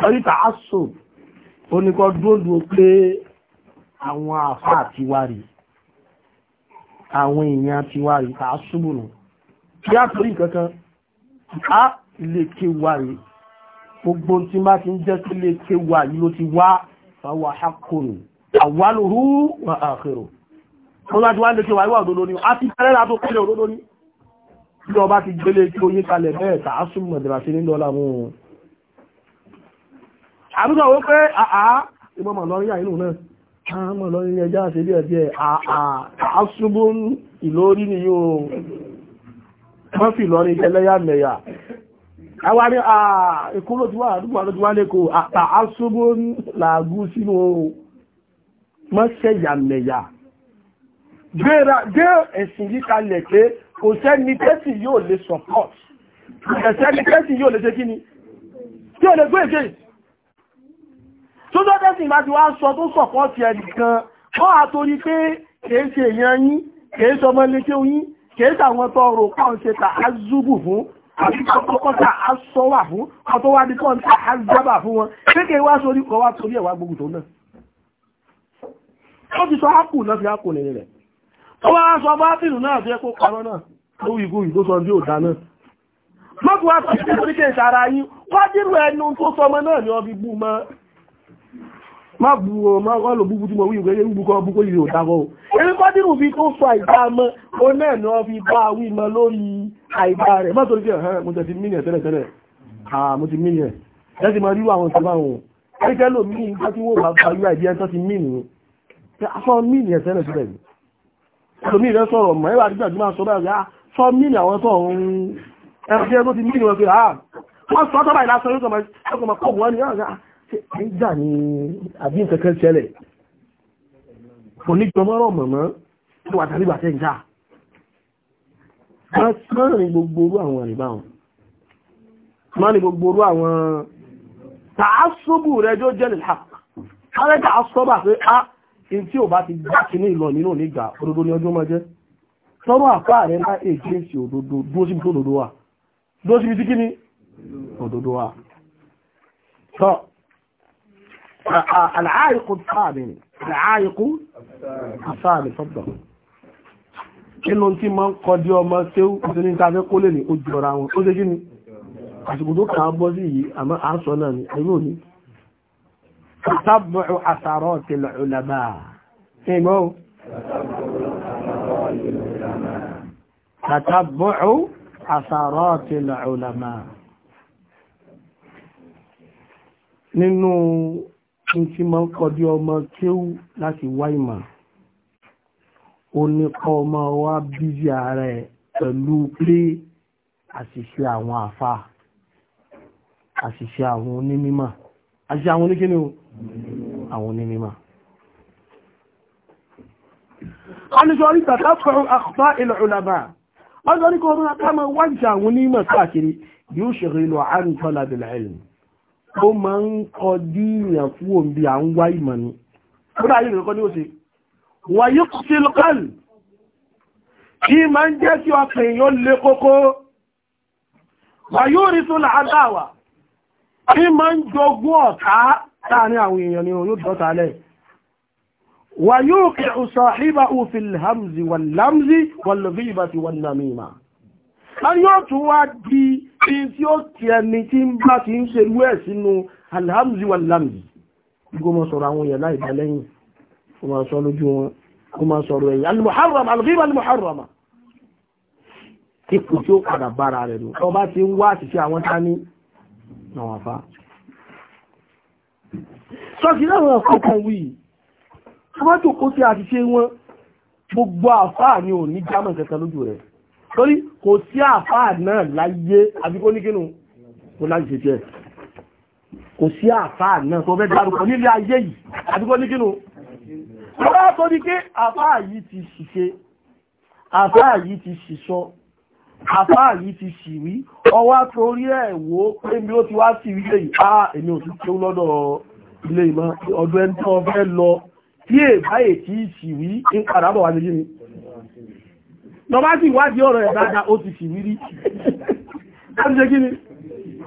sọrí tàásù oníkọ́ dúró pé àwọn àfáà ti wárí àwọn èèyàn ti wá rí ká ṣubù nù kí á torí kankan ká lè ké wá rí gbogbo tí bá ti ń jẹ́ kí lè ké wá yìí ló ti wá fáwọn akọni àwálòrú wà àkèrò wọ́n láti wá lè ké wá ìwà òdodo ni a ti bẹ̀rẹ̀ látó kọ́lẹ̀ òdodo ni bí ọba ti gbélé kí oyin kalẹ̀ bẹ́ẹ̀ tà á súnmọ̀ dìrasí ní dọ́là mú un àbúkọ̀ wọ́n pé àá ìmọ̀mọ̀ lọ́rí àyínú náà àmọ́ lọ ní ẹjá àṣírí ẹ̀bí ẹ̀ àṣúgbó ìlórí ni yóò wọ́n fi lọ ní ẹlẹ́yàmẹ̀yà àwa ní èkó ló ti wà àdúgbò àdúgbò wà lẹ́kọ̀ àṣúgbó làágú sínú mọ́ṣẹ̀yàmẹ̀yà gbé ẹ̀sìn yìí kalẹ̀ pé kò sẹ́ni tẹ́sì yóò lè support kò sẹ́ni tẹ́sì yóò lè ṣe kí ni tí tó tó tẹ́sìn bá ti wá sọ tó sọ̀pọ̀ ti ẹnìkan wọ́n á torí pé kìí ṣe èèyàn yín kìí ṣe ọmọ iléeṣẹ́ yín kìí ṣe àwọn tó rò kàn ṣe ta azúbù fún àti kọ́kọ́ ta asọ́wà fún ọ̀tọ́ wá ní kàn ta azábà fún wọn kéèké wá sórí kọ́ wá torí ẹ̀wà gbogbo tó náà ó ti sọ ápù náà fi ápù nìyẹn rẹ̀ tó wá sọ bátìrì náà fi ẹkọ́ parọ́ náà tó wù ìgò ìgò sọ bí ò dáná mọ́tò wá sọ pé kí n ṣe ara yín wájú ẹnu tó sọmọ náà ni ọ fi bú mọ́ má bu o má wọ́n lò búbú tí mo wí ìwé ní búkọ́ búkọ́ yìí ò dákọ́ o èmi kọ́dínù fi tó fa ìta mọ́ o náà ni wọ́n fi bá wí mọ́ lórí àìbá rẹ̀ má torí pé ẹ̀hán mo tẹ̀ ti mílíọ̀n tẹ́lẹ̀ tẹ́lẹ̀ àà mo ti mílíọ̀n ẹ ti mọ rírú àwọn mí nígbà ni àbí nǹkan kan ṣẹlẹ̀ kò ní jọmọ́rọ̀ mọ̀mọ́ tó wà tàbí bàtẹ́ ìjà mọ́rin gbogbo orú àwọn àríbá wọn mọ́rin gbogbo orú àwọn tààsọ́bù rẹ̀ jọ jẹ́ nìlá kárẹ́kà asọ́bà pé a ah, in tí ò bá ti gbá kìíní ìlọ nínú nígbà òdodo ní ọjọ́ mọ́jẹ́ sọ́rọ̀ àpá rẹ̀ ńlá èké sí òdodo dúró síbi tó òdodo wà dúró síbi tí kíní òdodo wà العائق الثامن العائق الثامن تفضل inú tí ma ń kọdí ọmọ tí ó ti ní tàbí kó lè ní ojú ọ̀rọ̀ àwọn ó déjì ní àsìkò tó kàá bọ́ sí yìí àmọ́ àásọ náà ni ẹ̀rọ ní tàbí àsàrọ̀ ti lọ́lọ́bà ẹgbọ́ tàbí àsàrọ̀ ti lọ́lọ́bà nínú ní tí máa ń kọjú ọmọ kéwú láti wá ìmọ̀ ó ní kọ́ ọmọ wa bízí ààrẹ pẹ̀lú pé àṣìṣe àwọn àfa àṣìṣe àwọn onímímọ̀ àṣìṣe àwọn oníkíní o àwọn onímímọ̀. wọ́n ní sọ orí tàkà fún àkùfà ilẹ̀ ìlànà wọ́n orí kọ́ ọmọ akáàmọ̀ wájà àwọn onímọ̀ káàkiri yóò ṣe ó máa ń kọ díyàn fún òǹbí à ń wá ìmọ̀ ni ó dáyé ìrìnkọ́ ní òṣè wà yí kú sí lọ́kàn kí máa ń jẹ́ kí ọkàn èèyàn lè kókó wà yóò rí tó làádáwà kí máa ń jogún ọ̀tá láàrin àwọn èèyàn ni yóò dọ́ta lẹ̀ wà yóò kẹ́ ọ̀sán òfin hamzi wà lámzi wà lọ́fíìbá a yóò tún wá di bí tí ó ti ẹni tí ń bá ti ń ṣe irú ẹ̀ sínú alhamdu alhamdu gbogbo mọ sọ̀rọ̀ àwọn èèyàn láì dálẹ́yìn kó máa sọ lójú wọn kó máa sọ̀rọ̀ ẹ̀yìn alimuharama alghib alimuharama ipò tí ó padà bára rẹ̀ nù ọba ti ń wá àṣìṣe àwọn tání àwọn àfá sọ́sí láwọn ọ̀kọ̀ọ̀kan wí tí wọ́n tó kó sí àṣìṣe wọn gbogbo àfáà ni ò ní jámọ̀ kẹta lójú rẹ̀ torí kò sí àfáà náà láyé àbí kó ní kínú kó láyé ṣe tiẹ̀ kò sí àfáà náà tó fẹ́ dárúkọ nílé ayé yìí àbí kó ní kínú lọ́wọ́ tó ní pé àfáà yìí ti ṣiṣẹ́ àfáà yìí ti ṣiṣọ́ àfáà yìí ti ṣìwí ọwá torí ẹ̀ wò pé mi ó ti wá sí ilé yìí á èmi ò ti tó lọ́dọ̀ ilé ìmọ̀ ọdún ẹni tó fẹ́ lọ tí èbáyè tí ṣìwí ń padà bọ̀ wá tó bá sì wádìí ọ̀rọ̀ ẹ̀ dáadáa ó ti sì wírí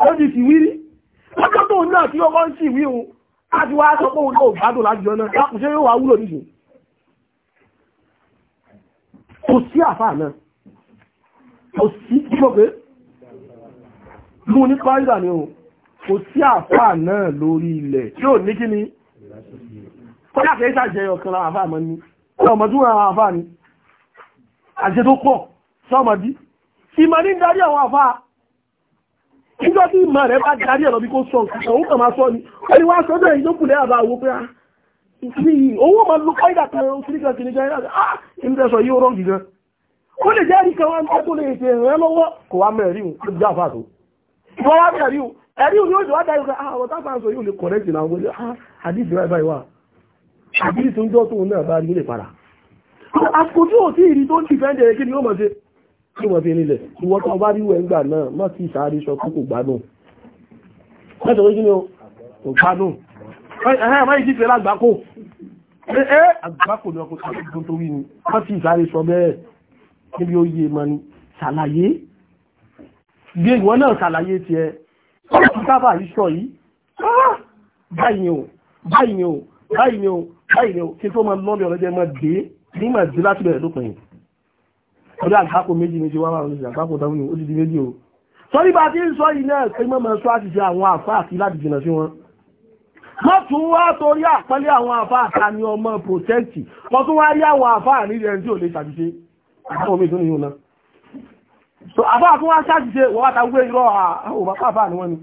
ó ti sì wírí ọjọ́ tó náà tí ó kọ́ ń sì wí òun láti wá sọ pé òun náà gbádùn lájọ náà lápùsẹ́ yóò wá wúlò nìyí kò sí àfáà náà kò sí kíkọ́ pé mú ní pàrídà ni òun kò sí àfáà náà lórí ilẹ̀ tí ò ní kí ni kọ́jà kẹ́ àṣẹ tó pọ̀ sọ́mọ̀dí ìmọ̀ ní darí àwọn àfá ìjọ tí ìmọ̀ rẹ̀ bá darí ẹ̀ lọ́bí kó sọ nǹkan òun kàn máa sọ ni ẹni wá sọ bẹ́ẹ̀ ìjọ kùlẹ̀ àbá wo pé owó ah, máa lo kọ́ìdà kan síríkan kìíní ah, gan ẹ̀rọ ah ìmú tẹ̀sọ̀ yóò rọ̀ gìgan ó lè jẹ́rìí kan wá ń tẹ́ tó lè ṣe rẹ̀ lọ́wọ́ kò wá mẹ́rin òun kó já fàtó ìwọ wá mẹ́rin òun ẹ̀rí òun yóò jọ wá darí pé ah ọ̀tá fà ń sọ yóò lè kọ̀rẹ́tì náà ah, wọlé tó ń náà bá rí lè padà àsìkò tí ò tí ìrí tó ń dìfẹ́ǹdẹ̀ kí ni ó mọ̀ sí kí wọ́n fi nílẹ̀ ìwọ́n tó bá ríwẹ̀ ńgbà náà má ti sáré sọ kókò gbádùn mẹ́sàn ó kí ni ó gbádùn ẹ̀hẹ́ máa ìdí fẹ́ lágbàkó ẹ́ àgbàkó ni ọkùnrin tó rí ni má ti sáré sọ bẹ́ẹ̀ níbi ó yé mọ́ ni ṣàlàyé bí ìwọ́n náà ṣàlàyé tiẹ̀ ọ̀rọ̀ sábà yìí yìí ah! báyìí o báyìí o báyìí o báyìí o kí tó máa lọ́ọ̀lẹ̀ ọ̀rẹ́dẹ́ máa dé nígbà tí láti bẹ̀rẹ̀ lópin yìí ọjọ́ àgbákò méjì méjì wá márùn-ún ìjà àgbákò táwọn ó dìdí méjì o sọ nípa tí ń sọ yìí náà pé mọ́mọ́ sọ àti ṣe àwọn àfá àti láti jìnà sí wọn wọ́n tún wá torí àpẹẹlẹ àwọn àfá àtàní ọmọ protẹ́tì wọ́n tún wá rí àwọn àfá àní rẹ̀ tí ò lè ṣàtúnṣe àtàwọn méjì nìyí náà so àfá àtún wá ṣàtúnṣe wọ́n wá ta gbé irọ́ àwọn àfá àní wọ́n ni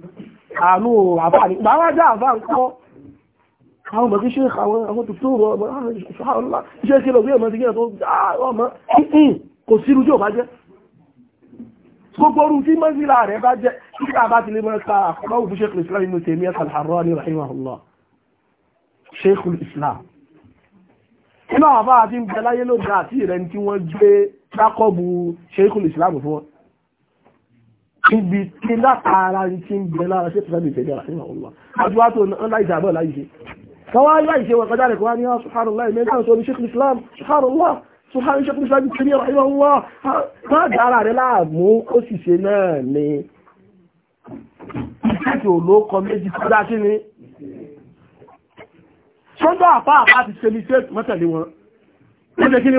àánú àfá àní àwọn bàbá ṣe àwọn tòtòrò ọmọ ṣàlá ah, iṣẹ́ kí lọ́gbé ọmọ ti gẹ́ ah, ọmọ kò sírú tí ò bá jẹ́ gbogbo orú tí mọ́sílá rẹ̀ bá jẹ́ kíkà bá ti lè mọ́ ká àkọ́kọ́ òfin ṣe kìlìsìlá nínú tèmi ẹ̀ka àrọ́ ní rahimahullah Sheikhul Islam iná àbá àti ń bẹ láyé lóde àti ìrẹ́ tí wọ́n gbé dákọ́bù Sheikhul Islam fún wọn ibi tí látara ti ń bẹ lára ṣe tẹ̀lé ìfẹ́ àti wá tó ńlá ìjàmbá láyé كوالي عيشة وكذلك وأنا سبحان الله من كان سوري شيخ الإسلام سبحان الله سبحان الله شيخ الإسلام الكبير رحمه الله ما جعل رلا مو أسي سناني láti olóòkọ méjì tó dá sí ni ṣọ́jọ́ àpá àpá ti ṣe ní ṣe mọ́tẹ̀lé wọn ó jẹ́ kí ni ó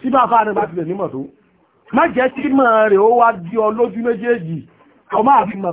sí bá àpá rẹ̀ bá ti lè nímọ̀ tó má jẹ́ kí mọ̀ rẹ̀ ó wá di ọ lójú méjèèjì ọmọ àbí mọ̀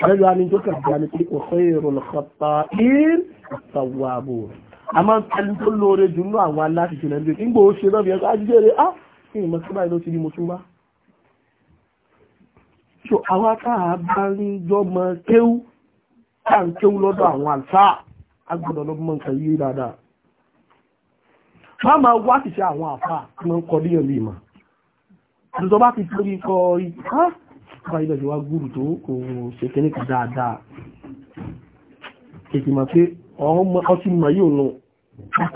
pẹ̀lú àmì tó kàgbà ní pé kò fẹ́ ìrọ̀lù kọta ìrìn àtàwàbò a máa ń tẹ́lú tó lóore jù nínú àwọn aláṣìṣẹ́ lẹ́nu pé nígbà ó ṣe lọ́bì ẹ̀kọ́ ajíjẹ́ rẹ̀ á ah, kí ni mo tún báyìí ló ti di mo tún bá. so wá bá ilẹ̀ ìwá gúrù tó kò ṣe kẹ́ nípa dáadáa kìkì mọ̀ pé ọtí mọ̀ yóò nù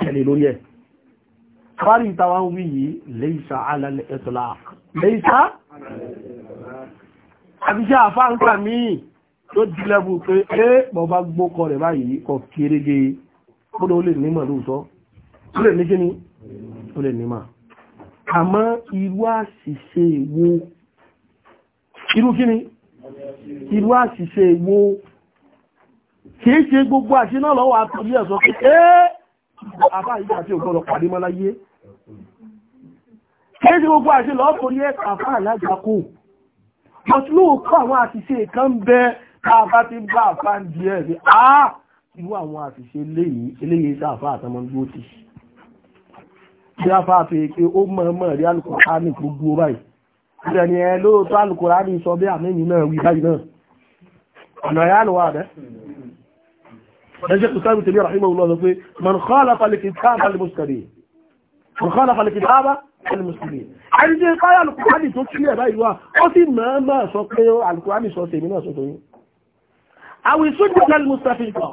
kẹ́lẹ̀ lórí ẹ̀ fárí ìtawà ń wí yìí lẹ́ìsà alẹ́ ẹ̀tọ́lá lẹ́ìsà àbíṣẹ́ àfáǹkà míì tó dìlẹ́bù pé ẹ́ bọ̀ bá gbókọ rẹ̀ báyìí kọ kéréje kódò ó lè nímọ̀ lóòótọ́ ó lè ní kíní ó lè nímọ̀ àmọ́ irú àṣìṣe wo irú kí ni irú àṣìṣe ìwò kìí ṣe gbogbo àṣì náà lọ́wọ́ àtọ́lé ẹ̀sọ́ pé ẹ́ àbá ìgbà tí ò gbọ́dọ̀ pàdé mọ́ láyé kìí ṣe gbogbo àṣì lọ́kùnrí àfá alágbàkó but lóòkọ́ àwọn àṣìṣe kan ń bẹ káàbá ti bá àfá ń di ẹ̀ sí àá irú àwọn àṣìṣe eléyìí sáàfá àtọmọgbó ìrẹ̀ni ẹ lóòótọ́ alùkùránì sọ bí àmẹ́yìn náà wí báyìí náà ọ̀nà ẹ̀yà lọ́wọ́ rẹ̀ ẹjẹ́ kùsàbí tèmi ràhìmọ̀ olóòsọ pé man khalafa al-kitaba al-mustaqim man khalafa al-kitaba al-mustaqim ẹni tí ká alùkùránì tó kílẹ̀ báyìí wá ó sì máa máa sọ pé alùkùránì sọ tèmi náà sọ tòyìn àwọn ìsúnjẹ náà mustafi kan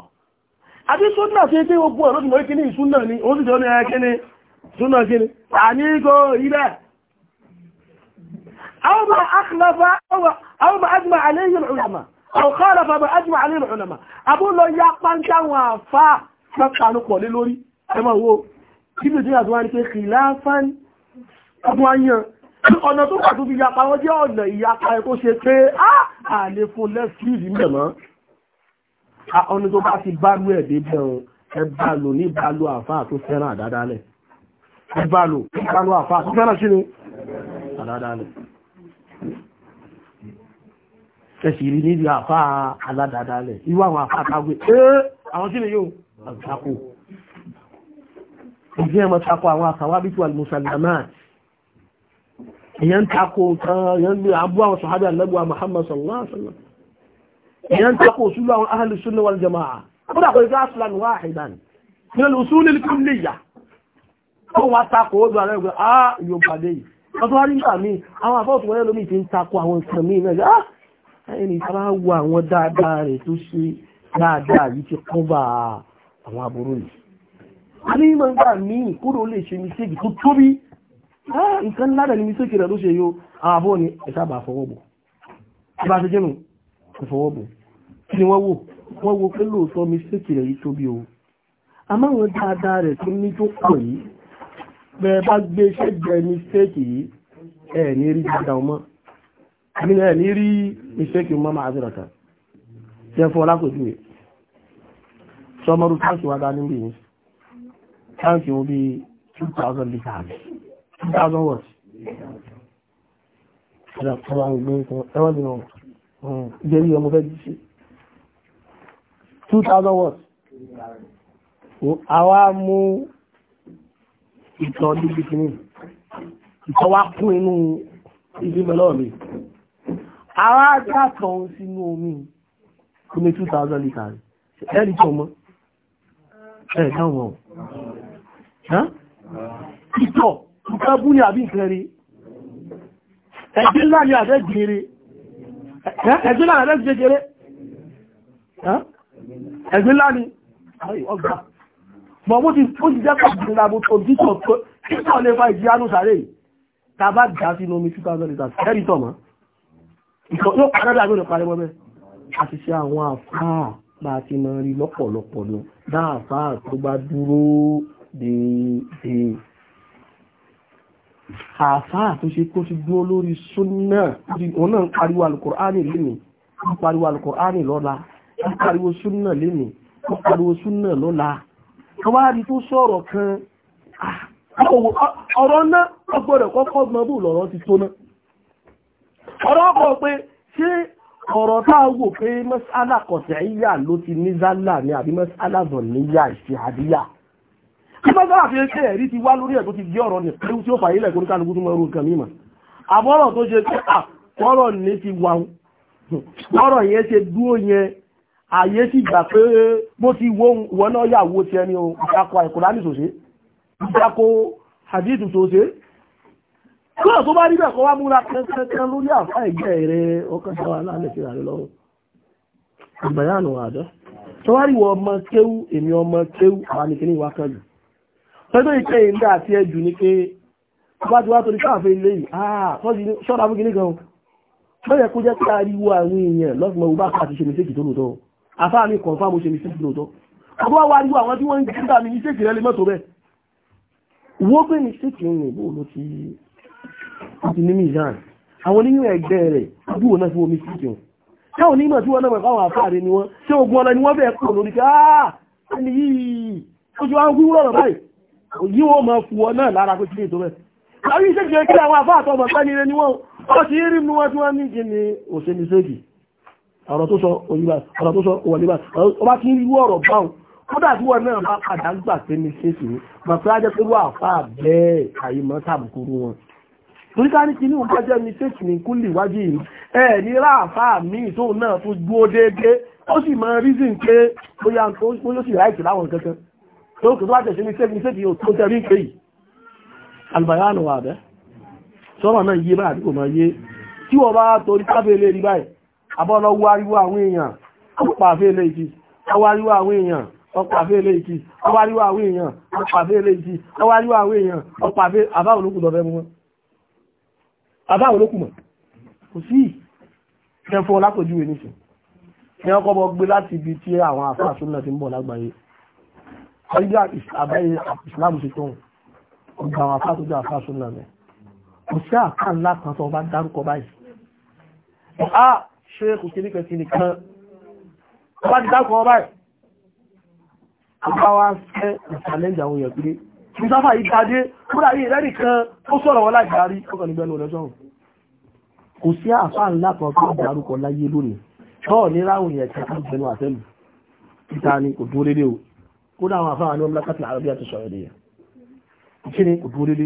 àti súnà fi pé ogun ọ̀rọ̀ tí mo kí ní ìsúnà ni ó sì jọ ní ẹ kí ni súnà kí ni àníkò ilẹ̀ أو ما أخلف أو, أو ما أجمع عليه العلماء أو خالف ما أجمع عليه العلماء أبو لو يقبل كان وفا فكانوا قولي لوري ẹmọ wo kíbi tí àtúwà ní pé kìláfán àtúwàyàn ọ̀nà tó pàtó fi yapa wọ́n jẹ́ ọ̀nà ìyapa ẹ̀ tó ṣe pé a lè fún lẹ́fíìlì mẹ́mọ́ ọ̀nà tó bá ti bálú ẹ̀ dé bẹ̀rùn ẹbálò ní bálò àfáà tó fẹ́ràn àdádálẹ̀ ẹbálò bálò àfáà tó fẹ́ràn sí ni àdádálẹ̀ ẹ̀sìrí níbi àfá aládàdálẹ̀ irú àwọn àfá àkágbé ẹ́ àwọn sílẹ̀ yóò àgbàkó ìjẹ́ ẹmọ takọ àwọn àkàwábítù al-musallamat èyàn takọ tán èyàn gbé àbú àwọn sàhábí alẹ́gbà Muhammad sallallahu alaihi wasallam èyàn takọ òṣùlù àwọn ahlu sunnah wal jama'a ó dàkọ̀ ìgbà aslan wahidan ní al-usul al-kulliyah ó wá takọ ó dùn àwọn ẹgbẹ́ ah yóò pàdé yìí wọ́n tó wá nígbà míì àwọn àfọ́ òtún wọlé lómi ti ń takọ àwọn ìkànnì náà ẹni sábà wo àwọn dáadáa rẹ̀ tó ṣe dáadáa yìí ti kọ́ bá àwọn aburú yìí a ní ìmọ̀ nígbà míì kúrò lè ṣe mistake tó tóbi nǹkan ńlá dẹ̀ ni mistake rẹ̀ ló ṣe yóò àbọ̀ ni ẹ̀ sábà fọwọ́ bò ẹ bá ṣe jẹ́nu kò fọwọ́ bò kí ni wọ́n wò wọ́n wo pé lóòótọ́ mistake rẹ̀ yìí tóbi o àmọ́ àwọn dáadáa rẹ̀ tó ní tó pọ̀ yìí bẹ́ẹ̀ bá gbé iṣẹ́ jẹ mistake yìí ẹ̀ ní rí dáadáa mọ́ àmìnà ẹ̀ ní rí mistake mọ́ máa ṣe rọ̀tà tí ẹ fún ọlákòjú rẹ̀ sọmọrú táǹkì wádá níbi yìí táǹkì wọn bí 2000 litres 2000 words. ẹ̀rọ ọmọ ìgbé ìkan ẹwọ́n nínú ìgbérí ọmọ fẹ́ jíṣẹ́ 2000 watts àwa mú ìtọ́ níbi kìíní ìtọ́ wá kún inú ìdíbẹ̀lọ́ mi àwọn ajá kan sínú omi omi 2000 litres ẹ̀rí tó mọ́ ẹ̀ dáwọn ìtọ̀ ìtọ́bú ni àbí ìkẹrẹ ẹgbẹ́ láàrin àbẹ́ gẹ̀ẹ́rẹ́ ẹgbẹ́ láàrin ọgbà mọ̀ mú ti fún ti jẹ́kọ̀ ìrìnàbò tó títọ̀ lè fa ìjìyànú yóò kàdádà lórí pariwo bẹ́ àti ṣe àwọn àfáà bá ti mọ̀ rí lọ́pọ̀lọpọ̀ lọ dáàfáà tó bá dúró déédé àfáà tó ṣe kó ti dúró lórí súnnà òun náà ń pariwo alukùránì lónìí ń pariwo alukùránì lọ́la ń pariwo súnnà lónìí ń pariwo súnnà lọ́la kọwáàrí tó sọ̀rọ̀ kan ah, ọ̀rọ̀ náà ọgbọ́dọ̀ kọ́kọ́ gbọ́n lọ́rọ̀ ti tó náà ọ̀rọ̀ ọkọ̀ pé ṣé ọ̀rọ̀ táà wò pé mọ́sálà kọ̀sẹ̀ ìyà ló ti ní zálà ní àbí mọ́sálà zọ̀ níyà ìṣẹ́ àdíyà tí mọ́sálà fi ṣe ẹ̀rí ti wá lórí ẹ̀ tó ti jẹ́ ọ̀rọ̀ ní pẹ́lú tí ó fàyè lẹ̀ kóríkà lókú tó mọ́ orúkọ mímọ̀ àbọ̀rọ̀ tó ṣe pé àkọ́rọ̀ ní ti wà ọ̀rọ̀ yẹn ṣe dúró yẹn àyè náà tó bá rí bẹ́ẹ̀ kọ́ wá múra kankan lórí àfá ẹ̀gbẹ́ rẹ̀ ọkàn sáwà lálẹ́ sí ààrẹ lọ́wọ́ ìgbàyànù àdọ́ tó wá rí wọ ọmọ kéwú èmi ọmọ kéwú àwọn nìkan wá torí ah ṣọ́ra fún kìnnì kan ó yẹ kó jẹ́ kí ariwo àwọn èèyàn lọ́sùnmọ́ òbá àti ṣe mistake tó lóòótọ́ àfá mi kàn fáwọn ṣe mistake lóòótọ́ àbúrò wa ariwo àwọn tí wọ́n ń gbà mí mistake rẹ lè mọ́tò bẹ́ẹ̀ wọ́n gbé ń rìn bóòlù ti ó ti ní mizan àwọn onímọ̀ ẹgbẹ́ rẹ̀ bí wọn náà fi wọ́n mi sí o táwọn onímọ̀ tí wọ́n náà pẹ̀lú àwọn àfáàrí ni wọ́n ṣé ogun ọ̀nà ni wọ́n bẹ̀ẹ̀ pọ̀ lórí káà ẹni yìí ojú wa ń wí rọ̀rọ̀ báyìí yí wọ́n máa fu ọ náà lára pé kí ètò rẹ̀ àwọn iṣẹ́ kìí kí àwọn àfáà tọmọ sẹ́ni rẹ̀ ni wọ́n ó ti rí mú wọn tí wọ́n ní kí ni òṣèlú séèkì ọ̀rọ̀ tó sọ kódà tí wọ́n náà bá padà gbà pé ní séèkì ní màtí wájẹ́ pé wọ́n àfáà bẹ́ẹ̀ àyè mọ́ wọn torí ká ní kí ní òun jẹ́ mistake ní kúlì wájú yìí ẹ̀ ní ráàfà míì tóun náà tó gbó déédé ó sì mọ reason pé bóyá tó yóò sì ráìtì láwọn kankan tó kò tó wá tẹ̀sí mistake mistake yóò tó tẹ̀rí pé yìí albayanu wà bẹ́ sọ́mọ̀ náà yé báyìí kò máa yé tí wọ́n bá torí kábẹ́lẹ̀ rí báyìí abọ́lọ́ wáríwó àwọn èèyàn ọ̀pá àfẹ́lẹ̀ ìtì ọwáríwó àwọn èèyàn ọ̀pá àfẹ́lẹ̀ ìtì ọwáríwó àwọn èèyàn ọ̀pá àfẹ́lẹ̀ ìtì ọwáríwó àwọn èèyàn ọ̀pá àbáwọn olókùn lọ fẹ́ mú wọn àbá olókùn mọ̀ kò sí ìṣẹ́fún ọlápòjúwe nìṣẹ́ ní ọkọ̀ bọ́ gbé láti ibi tí àwọn àfáà súnmọ́ ti ń bọ̀ lágbàáyé ọjọ́ àbáyé ìsìláàmù ṣe tóun ọgbà àwọn àfáà sójú àfáà súnmọ́ rẹ̀ kò sí àká ńlá kan tó bá dárúkọ báyìí a ṣe kò sí nípa ìsinmi kan tó bá ti dárúkọ báyìí àbáwá fẹ́ ìsàlẹ̀ ìjà òun yẹ̀ pé mùsáfà yìí dáadé kúrò ayé rẹ̀ nìkan ó sọ̀rọ̀ wọn láì darí ó kàn nígbẹ́nu ọ̀rẹ́ sọ̀rọ̀ kò sí àfà ńlá kan tó dárúkọ láyé lónìí tọ́ọ̀ ní ráhùn yẹn kí wọ́n gbẹnu àtẹ́lù títa ni kò dúró dédé o kódà àwọn àfà àwọn ọmọlá kátìlá àrọ́bíà ti sọ̀rọ̀ dé yẹn kí ni kò dúró dédé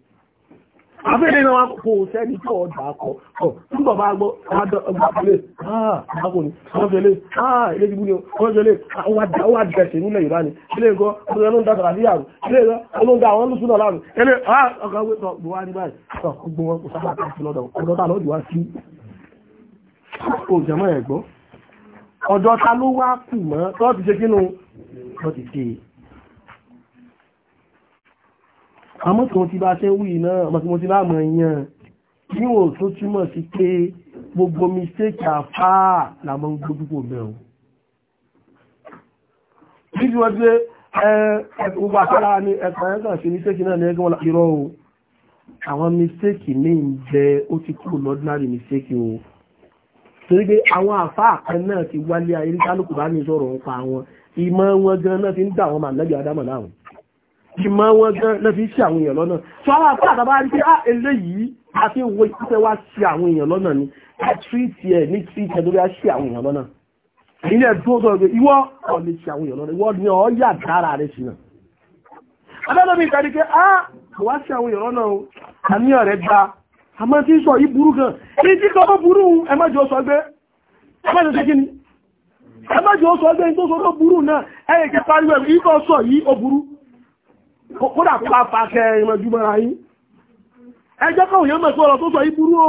àfẹ́lẹ́ náà wọ́n kò sẹ́ni tó ọjà akọ ọ̀pọ̀ bá gbọ́ ọgbàfẹ́lẹ́ ààbàkùnrin ọ̀fẹ́lẹ́ ààrẹ ìbú ni ọ̀fẹ́lẹ̀ àwọn àjẹsẹ̀ nílẹ̀ Yorùbá ni ilé ẹ̀kọ́ ọlọ́run dátàrà sí àrùn ilé ẹ̀kọ́ ọlọ́run dá àwọn olùsúnà láàrùn ilé ọgbàwé tọ̀ bọ̀ wá ní àmọ́ tí wọ́n ti bá ṣe ń wí náà àmọ́ tí wọ́n ti bá mọ̀ yàn níwọ̀n tó túmọ̀ sí pé gbogbo mistake àfáà làmọ́ ń gbójú kò bẹ̀ o bí wọ́n ṣe gbogbo àkàrà ni ẹ̀kọ́ ẹ̀kọ́ ṣe mistake náà ní ẹgbẹ́ wọn irọ́ o àwọn mistake ní ń jẹ ó ti kúrò lọ́dínárì mistake o torí pé àwọn àfáà kan náà ti wálé ayé kálukú bá ní sọ̀rọ̀ ń wọn ìmọ̀ wọn gan náà ti ń dà wọn màlẹ́bí adámọ̀ láwọn ìmọ̀ wọn gan lẹ́fi sí àwọn èèyàn lọ́nà tó àwọn àpá àtàbá rí pé á ah, eléyìí àti ìwé ìpínlẹ̀ wá sí àwọn èèyàn lọ́nà ni ẹ tírìtì ẹ ní tírìtì ẹ lórí á sí àwọn èèyàn lọ́nà ilé ẹ̀dúró tó ọgbẹ̀ ìwọ ọ̀ lè sí àwọn èèyàn lọ́nà ìwọ ni ọ yà dára rẹ̀ sí náà adájọ́ mi kàrí pé á ah, kò wá sí àwọn èèyàn lọ́nà o àníyàn rẹ̀ gba àmọ́ tí ń sọ yìí burú gan ní tí kọ́ burú ẹ má jọ sọ pé ẹ má jọ ni ẹ má jọ sọ pé ní tó sọ tó burú náà ẹ yẹ kí kódà pàápàá kẹ ìrìnàjú mara yín ẹjọ́ kan òyìnbó tó ọ̀rọ̀ tó sọ yí o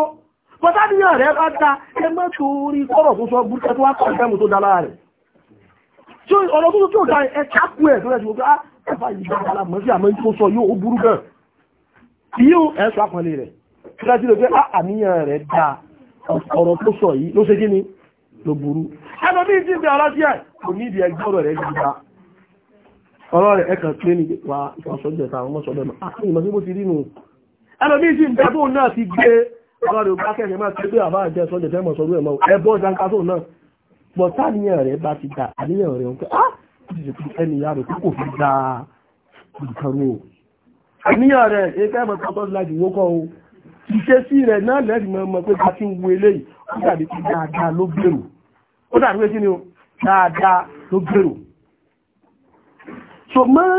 pọ̀tàdíyàn rẹ̀ bá ta ẹ mọ́ torí kọ́rọ̀ tó sọ burúkẹ tó wá kọ̀ ìfẹ́mù tó dára rẹ̀ tí ọ̀rọ̀ tó sọ tó dá ẹ kápù ẹ̀ tó rẹ̀ ṣùgbọ́n á ah, ẹ̀fà ìgbà alámọ̀ sí àmọ́ tó sọ yóò burú gan yíò ẹ̀ sọ àpọ̀lẹ̀ rẹ̀ tí wọ́n ti lè pé àníyàn rẹ̀ da ọ̀rọ̀ tó sọ yìí ló ṣe kí ni ló burú ẹnu bí ti ń bẹ ọlọ́sí ẹ̀ kò ní ìdí ọ̀rọ̀ rẹ̀ ẹ̀kàn pé ní wà ìfàṣọ́jẹ̀ta àwọn mọ́sọ̀lẹ̀ ah, ìmọ̀ sí bó ti rí nù ẹlòmí sí ìgbà tó náà ti gbé ọ̀rọ̀ rẹ̀ bá kẹ́kẹ́ máa ti gbé àbá àjẹ́ sọ́jẹ̀ tẹ́ mọ̀ sọ́rọ̀ ẹ̀mọ́ ẹbọ́ ìdáńká tó náà bọ̀ táníyàn ah ẹni ìyá rẹ̀ kò fi da nǹkan o àníyàn rẹ̀ ẹgbẹ́ mọ̀ tọ́tọ́ láti wókọ́ o ìṣe sí rẹ̀ náà lẹ́sìn mọ̀ mọ̀ pé bá ti ń ni o ṣùgbọ́n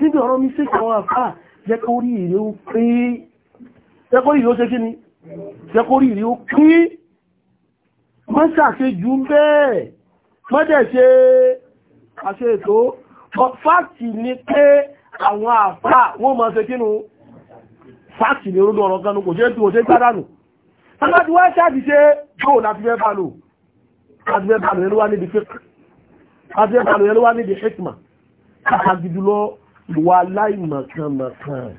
níbi ọ̀rọ̀ mi sí àwọn àfáà jẹ́ kó rí ìrí ó pé jẹ́ kó rí ìrí ó ṣe kí ni jẹ́ kó rí ìrí ó pé wọ́n ṣàṣe jù bẹ́ẹ̀ mọ́dẹ̀ ṣe àṣẹ ètò fáàtì ni pé àwọn àfáà wọ́n máa ṣe kínú fáàtì ni orúdọ̀ ọ̀rọ̀ ganu kò jẹ́ tí ó ṣe gbádànù tàbí wá ṣáàdì ṣe yóò láti fẹ́ bá lò láti fẹ́ bá lò ẹlúwá níbi hikma àjùlọ ìwà aláìmọ̀kànmọ̀kàn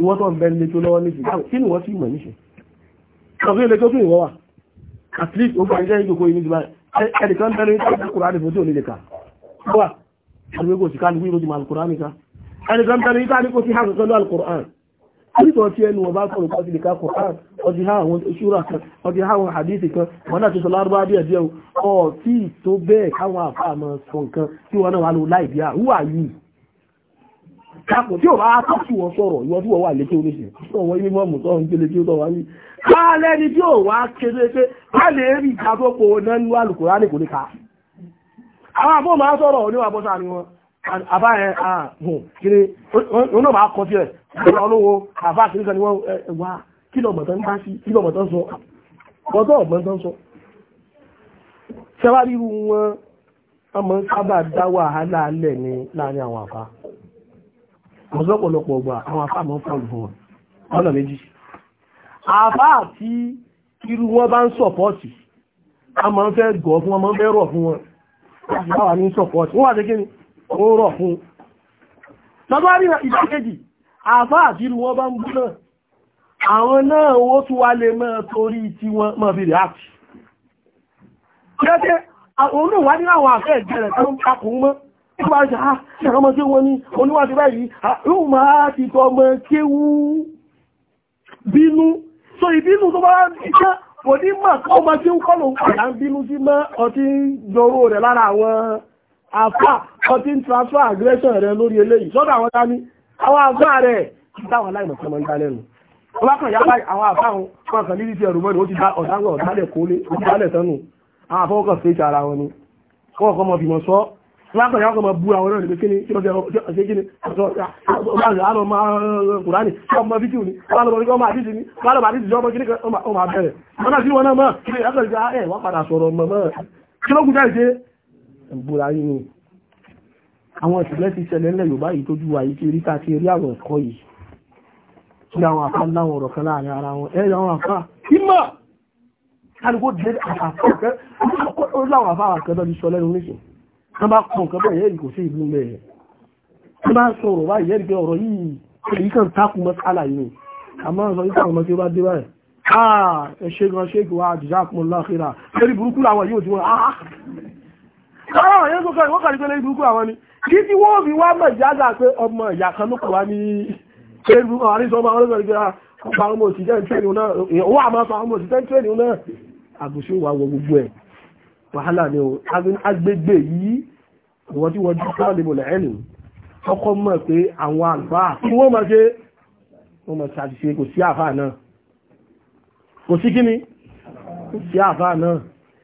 ìwọ́n tó ń bẹ́ lé tó lọ́wọ́ ní ìsìn kí ni wọ́n sì mọ̀ níṣẹ́ ọ̀fẹ́ ilé tó tún at least ó gbà iṣẹ́ ìjòkó yìí ní ìjìbá ẹnìkan bẹ́rẹ̀ ní ìjọba kùránì fún tí ò ní lè kà wà àdúgbò sì ká ní wíwọ́n ti máa kùránì ká ẹnìkan bẹ́rẹ̀ ní ìjọba àríkọ̀ tí ẹnu ọba kọ̀rọ̀ kọ́ sí lè kákọ̀ ọdí ha àwọn ìṣúra kan ọdí ha àwọn àdíṣì kan wọ́n náà ti sọ lárúbá díẹ̀ díẹ̀ ọ̀ tí tó bẹ́ẹ̀ káwọn àfàmọ́ sọ nǹkan tí wọ́n náà wà ló láì bí àwúwà yìí kápò tí ò bá tó sí wọ́n sọ̀rọ̀ ìwọ́n tí wọ́n wà létí oníṣẹ́ ọwọ́ ilé mọ́mù tó ń gbélé tí ó tọ́ wá ní ká lẹ́ni tí ò wá kéré pé ká lè rí ìdábòpò náà ní àbáyẹn ààbùn kiri oní ọmọ akọ sí ẹ̀ ọ̀rọ̀ olówó àbá kiri kan ni wọ́n wá kílọ̀ mọ̀tán bá sí kílọ̀ mọ̀tán sọ ọ̀tọ̀ ọ̀gbọ̀ntán sọ ṣẹwárí irú wọn ọmọ sábà dá wàhálà alẹ̀ ní láàrin àwọn àfá ọ̀sọ́pọ̀lọpọ̀ ọgbà àwọn àfá mọ́ fọ́ọ̀lù fún wọn ọ̀nà méjì àfá àti irú wọn bá ń sọ̀pọ̀tì a máa ń fẹ́ gọ̀ fún wọn máa ń fẹ́ rọ̀ fún wọn láti báwa ní sọ̀pọ̀tì wọ́n wà sí kí ni ó rọ̀ fún tọ́bá rí ìdákejì àfá àfíru wọn bá ń gúnà àwọn náà ó tún wá lè mọ́ torí tí wọ́n mọ́ fi rẹ̀ áàtì kẹ́kẹ́ òun náà wá ní àwọn àfẹ́ ìgbẹ̀rẹ̀ tó ń takùn mọ́ tó bá ṣe ah, àwọn ọmọ tí wọ́n ní oníwàtí báyìí yóò ah, máa ti tọ́ ọmọ kéwú bínú so ìbínú tó bá ṣe kò ní mọ̀ ọmọ tí ń kọ́ lòun padà ń bínú sí mọ́ ọtí jọrọ rẹ̀ lára àwọn àfà ọtí ń transfer aggression rẹ lórí eléyìí sọ́dọ̀ àwọn dání àwọn àfà rẹ̀ táwọn aláìmọ̀ sọmọ ń dá lẹ́nu ọlákan ìyá báyìí àwọn àfà àwọn kan lílí ti ẹ̀rù mọ́ni ó ti dá ọ̀dáwọ̀ ọ̀dálẹ̀ kólé ó ti dálẹ̀ sẹ́nu àwọn àfọwọ́kàn fèsì ara wọn ni wọ́n kọ́ mọ bímọ sọ́ lápẹ̀ yàwó kọmọ bú àwọn ọ̀rẹ́ kíní tí ó jẹ́ ọ̀sẹ̀ kíní ọ̀rọ̀ máa kùránì tí ọmọ fíkì ní ọlọ́lọ́mọ ní ọmọ àdíjì ní ọlọ́mọ àdíjì ọmọ kíní ọmọ abẹ́rẹ̀ ìbúra yìí àwọn ìṣẹ̀lẹ̀ ti ṣẹlẹ̀ ńlẹ̀ Yorùbá yìí tó júwà yìí ti rí ká ti rí àwọn ẹ̀kọ́ yìí tí àwọn àfá láwọn ọ̀rọ̀ kan láàrin ara wọn ẹ̀rọ àwọn àfá ìmọ̀ alùgbò dé àfáàkẹ́ láwọn àfáàkẹ́ lọ́dí sọ lẹ́nu níṣẹ́ wọ́n bá kọ nǹkan bẹ́ẹ̀ yẹ́rì kò sí ìlú mẹ́rẹ̀ wọ́n bá sọ ọ̀rọ̀ báyìí yẹ́rì pé ọ̀rọ̀ yìí èyí kan takùn mọ́ sálà yìí àmọ́ sọ yìí kàwọn ọmọ tí ó bá dé báyìí ah ẹ ṣe gan ṣe gbọ́ àjùjá kún láàkírà lórí burúkú làwọn yóò ti wọn ah àwọn àwọn yóò kọ́ ìwọ́kàrí pé lẹ́gbùkú àwọn ni kí tí wọ́n fi wá mọ̀ ìjáza pé ọmọ ìyà kan ló kọ̀wá ní facebook àwọn àríṣọ́ ọmọ ọlọ́gbọ̀n ìgbà ọmọ ọmọ òṣìṣẹ́ ìtẹ́ni náà wọ́n àmọ́ ọmọ òṣìṣẹ́ ìtẹ́ni ni o agbègbè yìí wọ́n tí wọ́n dúpọ́ lè bọ̀lẹ̀ ẹ̀lì ọkọ̀ mọ̀ pé àwọn àlùfáà tí wọ́n máa ṣe wọ́n máa ṣàṣìṣe kò sí àfáà náà kò sí àfáà náà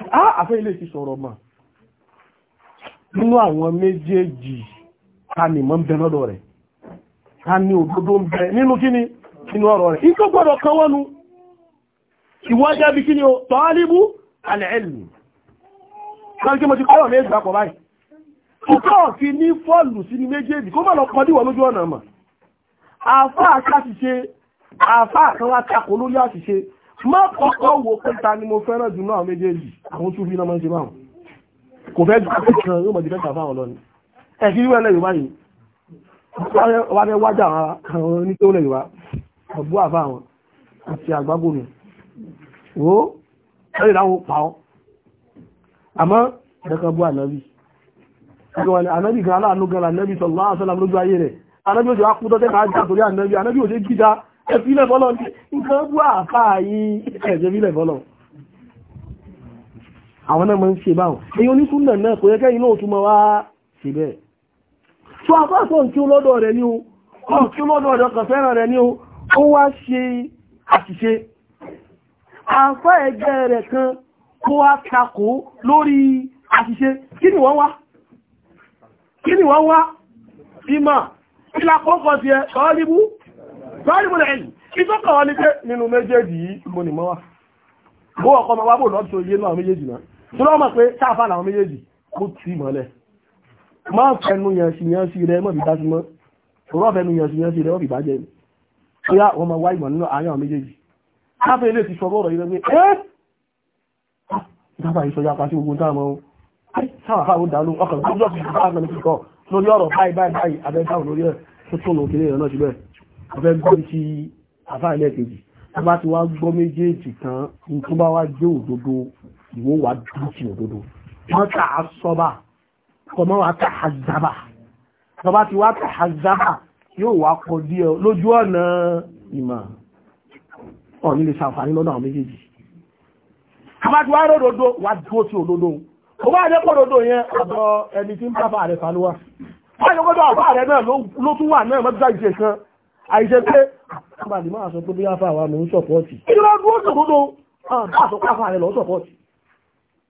àfẹ́ ilé ti sọ̀rọ̀ mà nínú àwọn méjèèjì ta ni mọ́ ń bẹ lọ́dọ̀ rẹ̀ ta ni òdodo ń bẹ nínú kíni nínú ọ̀rọ̀ rẹ̀ ikọ́ gbọ́dọ̀ kan wọ́nu ìwọ́já bí kíni o tọ́álíbú alẹ́ẹ̀lì kọ́lùkí mo ti kọ́rọ̀ ní ìgbàpọ̀ báyìí ọkọ̀ fi ní fọ́ọ̀lù sí ní méjèèjì kó mọ̀ lọ kọ́ díwọ̀ lójú ọ̀nà mà àfáà ká ti ṣe àfáà kan wá takò lórí àṣìṣe má kọ́kọ́ wo pé ta ni mo fẹ́ràn jù náà méjèèjì àwọn tún fi náà máa ń ṣe báwọn kò fẹ́ ju àti kan yóò mọ̀ jù fẹ́ta fáwọn lọ ni ẹ̀ kí wẹ́lẹ̀ yorùbá yìí wá fẹ́ wájà àwọn onítòlẹ̀ yorùbá ọ̀bú àfa àti àgbágbónù wo ẹ̀rì láwọn pa ọ́ àmọ́ ẹ̀kan bú ànábì ànábì gan aláàánú gan ànábì sallallahu alaihi wasallam ayé rẹ̀ ànábì ó ti wá kú tọ́tẹ́ ẹ̀fílẹ̀ bọ́lọ̀ ní nǹkan bú àfáà yìí ẹ̀jẹ̀fílẹ̀ bọ́lọ̀ àwọn náà mọ́ ń ṣe báwọn èyí onísúnnà náà kò yẹ́kẹ́ inú òtúmọ̀ wá ṣe bẹ́ẹ̀ tó àfáàsọ̀ tí ó lọ́dọ̀ rẹ̀ ní o tí ó lọ́dọ̀ rẹ̀ kan fẹ́ràn rẹ̀ ní o ó wá ṣe àṣìṣe àfá ẹgbẹ́ rẹ̀ kan kó wá takò lórí àṣìṣe kí ni wọ́n wá kí ni wọ́n wá ìmọ̀ ìlàkọ́kọ́ ti ẹ̀ sọ́ọ́líbú tọ́lìbù lẹ́yìn ìtọ́kọ̀ nínú méjèèjì yìí mo mọ́ wa bó ọkọ̀ ọmọ wa bò lọ́ọ́ yé náà méjèèjì náà tó lọ́ọ́ mọ̀ pé sáfà làwọn méjèèjì kó tì mọ́lẹ̀ máa fẹnu yàn sí yàn sí rẹ mọ̀ bí dásí mọ́ òrọ̀ fẹnu yàn sí yàn sí rẹ mọ̀ bí bàjẹ́ ni ó yá wọn wá ìmọ̀ nínú àárín àwọn méjèèjì káfíń ilé ti sọ bọ́ọ̀rọ̀ yìí lọ́gbẹ́ ẹ́ ah, afẹ́ gbọ́ sí afáàlẹ́ kejì tó bá ti wá gbọ́ méjèèjì kan ní tó bá wá jẹ́ òdodo ìwọ wà dúró sí òdodo wọ́n tà á sọ́bà kọ́ mọ́ wá tà á zábà tó bá ti wá tà á zábà yóò wá kọ díẹ̀ lójú ọ̀nà ìmọ̀ ọ̀ní lè ṣàǹfààní lọ́nà àwọn méjèèjì àbájú wá ródòdó wà dúró sí òdodo kò bá jẹ́ kòdòdó yẹn ọ̀dọ̀ wọ́n yóò gbọ́dọ̀ àbá rẹ̀ náà ló tún wà náà mọ́tò àìṣe pé àbàdì máa sọ pé bí wọ́n fà wà mí ń sọ̀pọ̀tì kí ló dúró sòdodo àbáṣọpá fà rẹ̀ lọ sọ̀pọ̀tì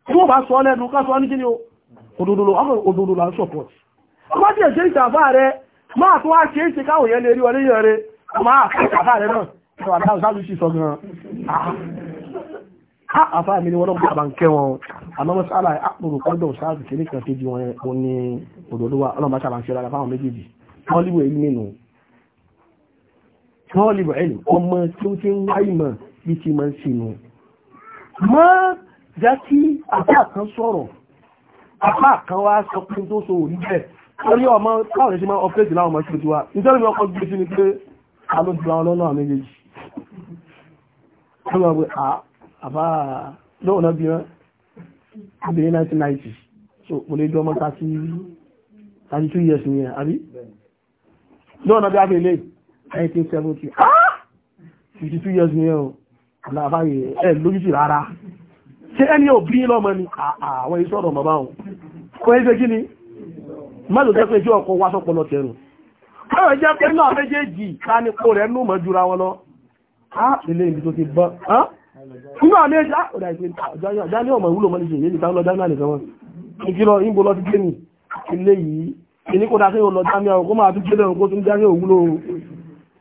tí wọ́n bá sọ lẹ́nu ká sọ ní kí ni òdodo òdodo là ń sọ̀pọ̀tì ọmọ tí èṣe ìtàfà rẹ̀ máa tó wá ṣe é ṣe káwọn yẹn lè rí wọlé yẹn rẹ̀ máa fẹ́ ìtàfà rẹ̀ náà ìtàfà rẹ̀ sáà lù sí sọ gan ah. ah, àfáà mi ni wọ́n lọ́gbọ́n àbánkẹ́ wọn àmọ́ mọ́sálà àpòrò ah, kọ́dọ̀ sáàtì kìíní kan kejì wọn ní òdòdó wa ọlọ́mọ sábà ń ṣe lára fáwọn méjèèjì wọ́n líwò èyí nínú tọ́ọ̀lì bàílì ọmọ tí ó ti ń wá ìmọ̀ bí ti máa ń ṣe nù mọ́ já kí apá kan sọ̀rọ̀ apá kan wá sọ pé tó so òrí bẹ́ẹ̀ lórí ọmọ káwọn ṣe máa ọpẹ́tì láwọn ọmọ ṣe ti wá nítorí mi ọkọ̀ gbé sí ni pé a ló ju àwọn ọlọ́nà méjèèjì wọ́n máa wé àbá lóhùn náà bí wọ́n bí ní 1990 so mo lè jọ ọmọ 32 years ni àbí lóhùn náà bí wọ́n fi 1970 ah 52 years ni ẹ o àlàbáyé ẹ lójútì rárá ṣé ẹni ò bí lọ́mọ ni àwọn iṣẹ́ ọ̀rọ̀ màmá o kò ẹ́ ṣe kí ni mẹ́lò jẹ́ pé iṣẹ́ ọkọ̀ wá sọ́pọ̀ lọ tẹ̀rù ọ̀rọ̀ jẹ́ pé náà méjèèjì ká ní kó rẹ̀ númọ̀ jura wọn lọ á ilé ibi tó ti bọ́ nígbà méjì ọ̀dà ìpín jáde ọmọ ìwúlò mọ́ níṣẹ́ yìí lọ jáde nìkan wọn ìkìlọ̀ ìbò lọ ti gbé ní ilé yìí ìní kó dá sí ọlọ jáde ọkọ̀ máa tún gbé lẹ́rùn kó tún jáde òwúlò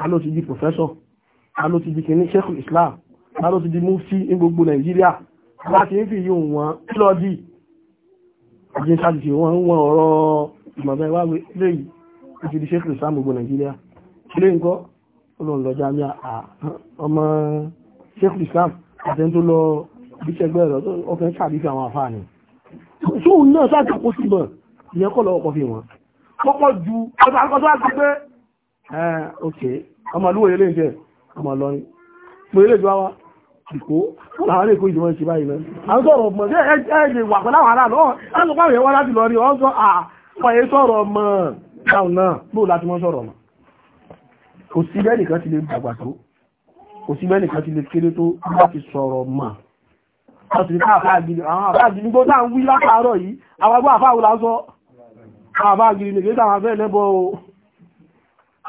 ta ló ti di professor ta ló ti di kìíní sheikh islam ta ló ti di mufti ní gbogbo nàìjíríà láti ń fi yí wọn kí lọ di ọdún sáàtì wọn ń wọn ọ̀rọ̀ ìmọ̀bẹ̀ wá léyìí ó ti di sheikh islam gbogbo nàìjíríà kílé nǹkan olóńlọ́jà ní ọmọ sheikh islam àtẹ́ńtó lọ bí sẹgbẹ́ rẹ̀ ọkùnrin sàbíkì àwọn àfáàní tó ń náà sáàkàkó sí mọ̀ ìyẹn kọ́ lọ́wọ́ kọfí wọn kọ́kọ́ ju ọjọ́ àgbẹ̀gbẹ́ ẹ̀ okay àmàlúwò ilé ìjẹ́ àmàlọrin pé ilé ìjọba wa ìkó láwọn ilé ìkó ìjọba ìṣẹ́ báyìí lẹ́nu àwọn sọ̀rọ̀ ọmọ sí ẹ̀ẹ́dẹ̀ wà pẹ̀lú àwọn aráàlú ọ̀hún pàwọn èèyàn wá láti lọ rí ọ́n sọ àpàyẹ sọ̀rọ̀ ọmọ táwọn náà bóò láti mọ́ sọ̀rọ̀ ọmọ kò sí bẹ́ẹ̀ nìkan ti lè dàgbà tó kò sí bẹ́ẹ̀ nìkan ti lè kéré tó láti sọ̀rọ̀ ọmọ àwọn àfáàgìrì gbó táà ń wí látàárọ̀ yìí àwọn agbó àfáàwò lásọ àwọn àfáàgìrì nìkan táwọn afẹ́ lẹ́bọ̀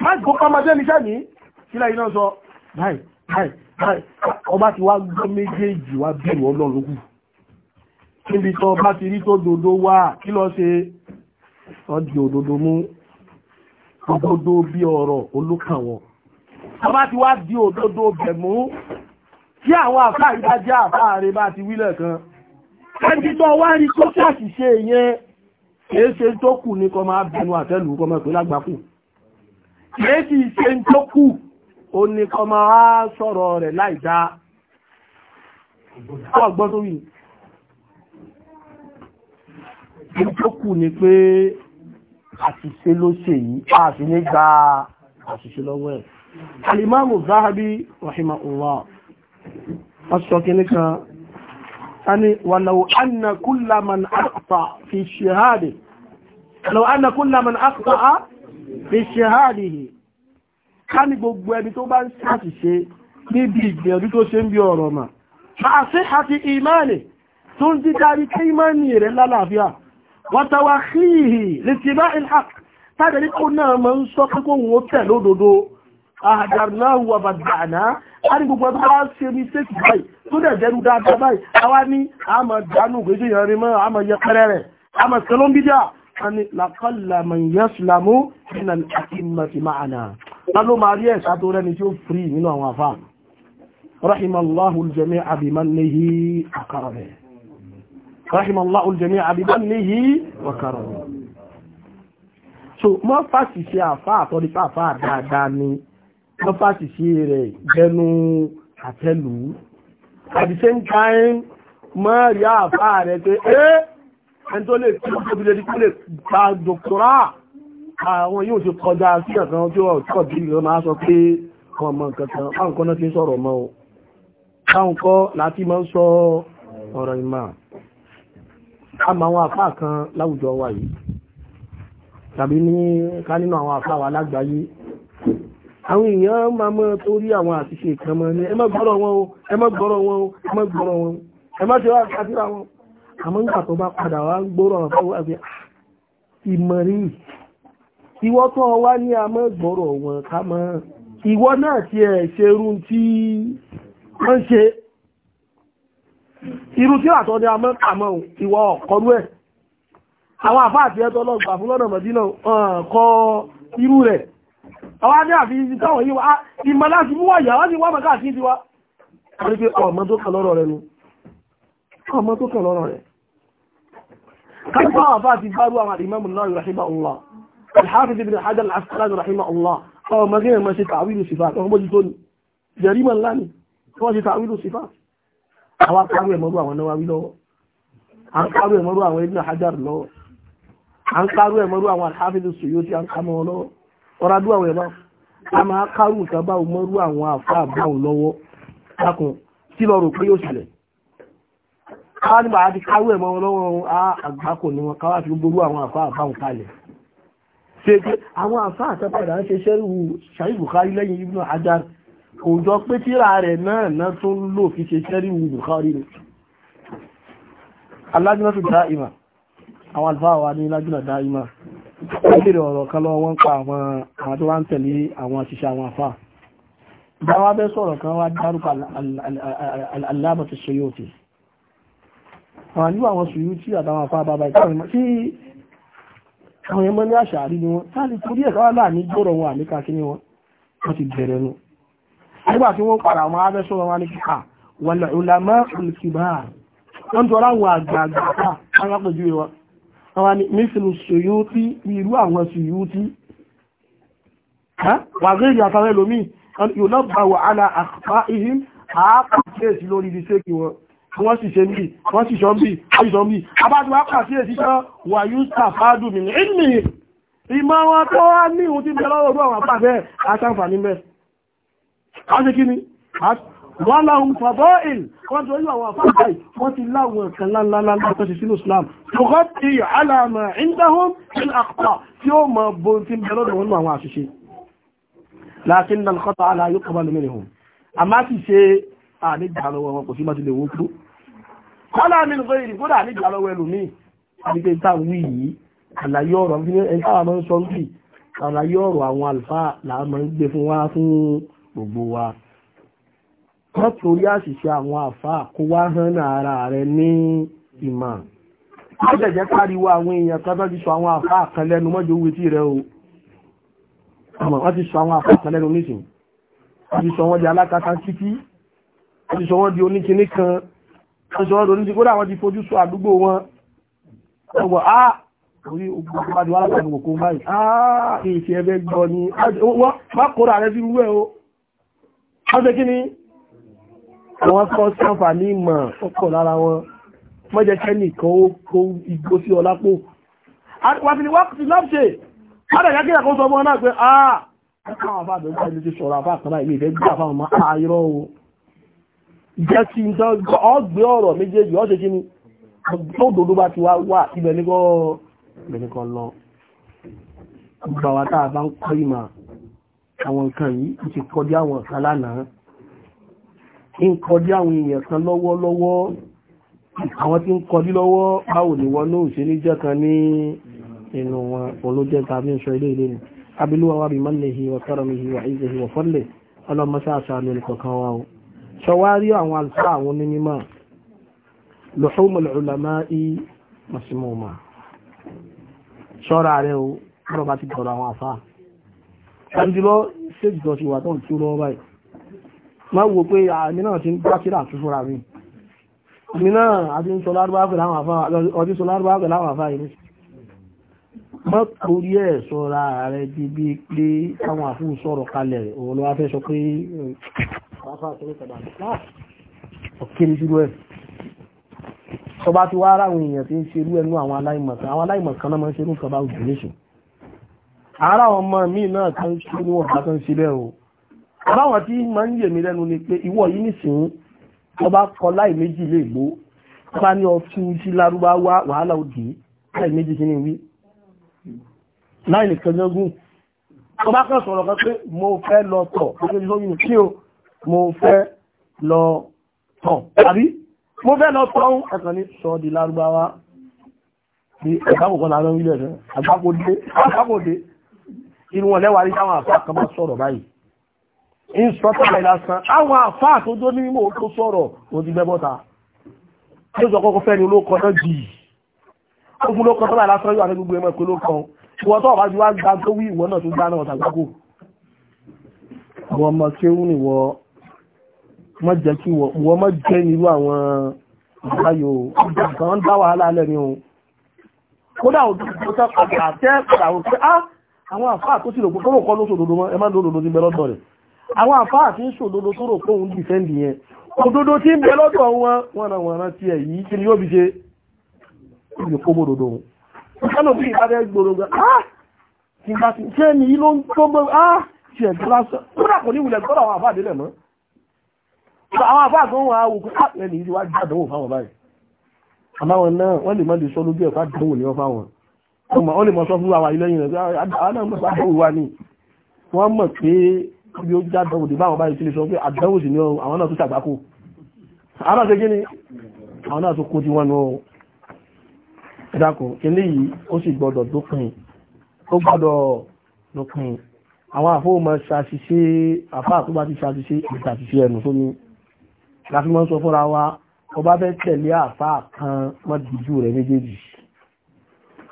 má kó pàmàdé ní sẹ́ni sílẹ̀ iná sọ báyìí báyìí báyìí ọba ti wá gbọ́ méjèèjì wá bẹ̀rù ọlọ́run kù níbi tó bá ti rí tó dodo wá kí lọ ṣe ọ di òdodo mú òdodo bí ọ̀rọ̀ olókàn wọn ọba ti wá di òdodo bẹ̀ mú tí àwọn àfáà yìí bá jẹ́ àfáà rẹ̀ bá ti wílẹ̀ kan ẹni tó wá rí tó ṣàṣìṣe yẹn kìí ṣe tó kù ní kọ máa bẹnu àtẹ́lù kọ máa pè lágbàkù kìí ṣe ń tó kù ó ní kọ máa sọ̀rọ̀ rẹ̀ láìdá ọgbọ́n tó yìí ń tó kù ni pé àṣìṣe ló ṣe yìí àti ní gba àṣìṣe lọ́wọ́ ẹ̀ alimamu zahabi rahimahullah wọ́n sọ kí nìkan a ni wà lọ́wọ́ anna fi ṣe háàdìhì ká ní gbogbo ẹni tó bá ń ṣàṣìṣe níbi ìgbìyànjú tó ṣe ń bí ọ̀rọ̀ mà máa ṣe àti ìmáàlì tó ń dídárí kí ìmáàlì rẹ̀ lálàáfíà wọ́tawà kíhì lè ti bá ilhaq tàbí ní kó náà máa ń sọ pé kóhun ó tẹ̀ lódodo àdàrúnà wà ní làkọ́là mọ̀ yẹ́sùlámù nínú àkímọ̀tì máa nà láló máa rí ẹ̀sà tó rẹ́ni tí ó fìrí nínú àwọn afá rahimallahu aljami abimannihi akarabe rahimallahu aljami abimannihi wakarabe so mọ́ fásitì àfá àtọ́dípá àfá dáadáa ni mọ́ fásitì rẹ̀ jẹnu àtẹ́lù at the same time mọ́ rí àfá rẹ̀ pé ẹ́ ẹni tó lè tí ó bílẹ̀ dípò lè pa dòkítọ́rà àwọn yóò ti kọjá sí ọ̀kan tí wọ́n tọ́ bí ìrọ̀ máa sọ pé wọn mọ nǹkan kan báwọn kan náà ti ń sọ̀rọ̀ mọ́ o báwọn kọ́ láti máa ń sọ ọ̀rọ̀ ìmọ̀ àmọ́ àwọn àfáà kan láwùjọ wa yìí tàbí ní ká nínú àwọn àfáà wa lágbàáyé àwọn èèyàn máa mọ́ torí àwọn àṣìṣe kan mọ́ ní ẹ má gbọ́rọ̀ wọn o ẹ má gbọ́rọ̀ wọn o ẹ má gbọ́rọ̀ wọn o ẹ má ṣe wá àkàtúrà wọn àmọ́ nígbà tó bá padà wá gbọ́rọ̀ ọ̀rọ̀ fún ẹgbẹ́ ah, ìmọ̀rí ìwọ tó wá ní àmọ́ gbọ́rọ̀ wọn ká mọ́ ìwọ náà ti ẹ̀ ṣerú tí wọ́n ṣe irú tí àtọ́ ní àmọ́ kàmọ́ ìwọ ọ̀kọ́rú ẹ̀ àwọn àfá àti ẹ̀tọ́ lọ́gbà fún lọ́nà mọ̀dínà kọ irú rẹ̀ àwọn adé àfi ìtàwọn yíwa ah, ìmọ̀lá ti múwà ìyàwó ni wọ́n mọ̀ káàkiri ti wá wọ́n ní pé ọmọ tó kà lọ́rọ̀ ọmọ tó kà lọ́rọ̀ rẹ̀ كفى فاتي فاروا مع الإمام النووي رحمه الله الحافظ ابن حجر العسقلاني رحمه الله أو ما غير ما تعويل الصفات هم بجدون جريما لاني هو تعويل الصفات أو أقاوي مروا والنووي له أقاوي مروا وابن حجر له أقاوي مروا والحافظ السيوطي أقامه له ọ̀rádú àwọn ẹ̀bá a máa kárù ìkàbá òmọ́rú àwọn àfáà báhùn lọ́wọ́ lákùn tí lọ rò pé yóò káwá nígbà àti káwé ẹ̀mọ́ wọn lọ́wọ́ àgbákò ni wọn káwá fi gbogbo àwọn àfa àbáhùn kalẹ̀ ṣe pé àwọn àfa àtẹ́padà ń ṣe sẹ́rù ṣàyí Bukhari lẹ́yìn Ibn Hajar kò jọ pé tíra rẹ̀ náà náà tún lò fi ṣe sẹ́rù Bukhari ni alájúná tó dá ìmà àwọn àlùfáà wa ní alájúná dá ìmà ó bèèrè ọ̀rọ̀ kan lọ́wọ́ wọ́n pa àwọn àwọn tó wá ń tẹ̀lé àwọn àṣìṣe àwọn àfáà báwa bẹ́ sọ̀rọ̀ kan wá dárúkọ alábàtì ṣe yóò tẹ̀ àwọn àlú àwọn sùúrù tí àtàwọn àfa bàbá ìtàwọn ìmọ̀ tí àwọn ẹmọ ní àṣà àrí ni wọn táàlì torí ẹ̀ka wà láàní gbọ́rọ̀ wọn àní káàkiri wọn wọ́n ti bẹ̀rẹ̀ nu nígbà tí wọ́n padà wọn abẹ́ sọ̀rọ̀ wọn ní kíkà ah, wal ulama al kibar wọ́n ń tọ́ra àwọn àgbààgbà ká wọn pẹ̀jú wọn àwọn ni mísìlù Suyuti irú àwọn Suyuti wà gẹ́gẹ́ àtàwọn ẹlòmíì yóò náà bá wà á wọ́n sì ṣe bí wọ́n sì ṣọ́ bí wọ́n sì ṣọ́ bí abájúwá pàtí èsì tán wà yú sàfádù mi ní ìmọ̀ wọn tó wá ní ohun tí bẹ̀rẹ̀ lọ́rọ̀ àwọn àpàbẹ́ àtàǹfààní mẹ́ wọ́n láhùn fàbọ́ ìl wọ́n tó yíò àwọn ti láwọn ẹ̀kan lánlánlá tó ti sínú Islam ti alàmà ìdáhùn ìl kọ́lá mi nìkan èrè kódà ní ìgbà lọ́wọ́ ẹlòmíì àdìgbé tá à ń wí yìí àlàyé ọ̀rọ̀ ní ẹni táwa máa ń sọ wí àlàyé ọ̀rọ̀ àwọn àlùfáà làá ń gbé fún wa fún gbogbo wa wọ́n torí àṣìṣe àwọn àfáà kó wá hàn náà ara rẹ ní ìmọ̀ ó jẹ̀jẹ̀ pariwo àwọn èèyàn kan tó ti sọ àwọn àfáà kan lẹ́nu mọ́jọ owó etí rẹ o àmọ́ wọ́n ti sọ àwọn àfáà kan lẹ́nu nísìnyí wọ́n ti sọ wọ́n di alákatakítí wọ́n ti sọ wọ́n di oníkiní kan ọjọ́ ronú ti kódà wọ́n ti fojú sọ àdúgbò wọn ọgbọ̀ ah, á orí ogbògbòmọ́dé wà látàrí òkú báyìí àà ah, èsì ẹgbẹ́ gbọ́ ni wọ́n má kóra rẹ̀ sí rúwẹ́ o wọ́n tẹ́ kí ni àwọn kọ́ sáfà ní ìmọ̀ ọkọ̀ lára wọn mọ́jẹ́ kẹ́nì kan ó kó igbó sí ọlápò wọ́n jẹ́ kí n tán ọgbẹ́ ọ̀rọ̀ méjèèjì ọ́ ṣe kí ni ọdọ́dọ́ bá ti wá wà ibẹ̀ nìkan lọ gbogbo àwọn tá a bá ń kọ́ ìmọ̀ àwọn nǹkan yìí ti kọ́ dí àwọn kan lánàá ń kọ́ dí àwọn èèyàn kan lọ́wọ́lọ́wọ́ àwọn tí ń kọ́ dí lọ́wọ́ báwo ni wọn náà ṣe ní jẹ́ kan ní inú wọn olójẹ́ ta fi ń sọ ilé ilé ni abiluwa wa bi mannihi wa karamihi wa izzihi wa fadlihi ọlọ́mọ sáà sáà ní wa o ṣọwárí àwọn alfa àwọn onímọ̀ luhumul ulama'i masmuma ṣọ́ra rẹ̀ o ọ̀rọ̀ bá ti dọ̀rọ̀ àwọn àfá ẹ̀ndìlọ́ ṣèjìdọ̀ sí wà tọ́n tí ó lọ́wọ́ báyìí má wo pé àmì náà ti ń gbákírà tún fúnra mi àmì náà àti ń sọ lárúbá pẹ̀lú àwọn àfá ọdún sọ lárúbá yìí mọ́ torí ẹ̀ sọ́ra rẹ̀ di bí pé àwọn àfún sọ̀rọ̀ kalẹ̀ òun ló wá fẹ́ sọ pé àfáà kí ní kẹ̀dà náà ọ̀kẹ́ni dúró ẹ̀ tó bá ti wá ráwọn èèyàn tí ń ṣerú ẹnu àwọn aláìmọ̀kan àwọn aláìmọ̀kan náà máa ń ṣerú nǹkan bá òjò níṣù ara àwọn ọmọ mi náà kan ṣe ní wọ́n bá kan ṣe bẹ́ẹ̀ o báwọn tí máa ń yè mí lẹ́nu ni pé ìwọ yìí nìsín tó bá kọ láì méjì lè gbó tó bá ní ọtí sí lárúbáwá wàhálà òdì láì méjì kí ni wí láì nìkan jọgún tó bá kàn sọ̀rọ̀ kan pé mo fẹ́ lọ tọ̀ mo fẹ́ lọ tọ̀ tàbí mo fẹ́ lọ tọ̀ ń ẹ̀kan ní sọ di lárúbáwá bí ẹ̀kápò kan láàrín ilé ẹ̀sẹ̀ àgbákòdé irú wọn lẹ́wàá rí táwọn àfáà kan bá sọ̀rọ̀ báyìí ń sọ tàbí lásán àwọn àfáà tó dó ní mímọ̀ tó sọ̀rọ̀ ó ti gbẹ́bọ́ta tí ó sọ kọ́kọ́ fẹ́ ni olókọ náà jì í ó fún lókọ tọ́lá lásán yóò àti gbogbo ẹmọ ìpínlẹ̀ olókan ìwọ tó ọ̀bá ti wá gba tó wí ìwọ náà tó gbá náà tàgbákò àwọn ọmọ kéwú nìwọ má jẹ́ kí wọ́n má jẹ́ nírú àwọn ìbáyò kan dá wàhálà lẹ́ni o kódà òtútù padà tẹ́ padà wọ́n pé ah àwọn àfáà tó sì rò pé kọ́rọ̀ kọ́ ló sòdodo mọ́ ẹ má lòdòdó ti bẹ lọ́dọ̀ rẹ̀ àwọn àfáà tí ń sòdodo tó rò pé òun dìfẹ́ǹdì yẹn òdodo tí ń bẹ lọ́dọ̀ wọn wọn náà wọn rántí ẹ̀ yìí kí ni yóò fi ṣe ìgbè kó bòdodo wọn kánò bí ìbáfẹ́ gbòòrò gan ah kí n bá ti ṣé ni yìí ló ń tó gbọ́ ah ṣe ẹ̀dọ́ lásán kódà kò ní ìwùlẹ̀ gbọ́dọ̀ àwọn àfáà délẹ̀ mọ́ àwọn àfáàkùn wọn awò kí káàkiri ní ìdíwájú àdánwò fáwọn báyìí àbáwọn náà wọ́n lè mọ́ lè sọ lójú ẹ̀kọ́ àdánwò ní wọ́n fáwọn wọ́n lè mọ́ sọ fún àwọn ilẹ́yìn rẹ̀ àwọn náà tó ṣàṣìṣe àfáà tó bá ti ṣàṣìṣe ìṣàṣìṣe ẹnu sómi láti mọ́ sọ fúnra wa tó bá fẹ́ tẹ̀lé àfá kan mọ́ dìjú rẹ̀ méjèèjì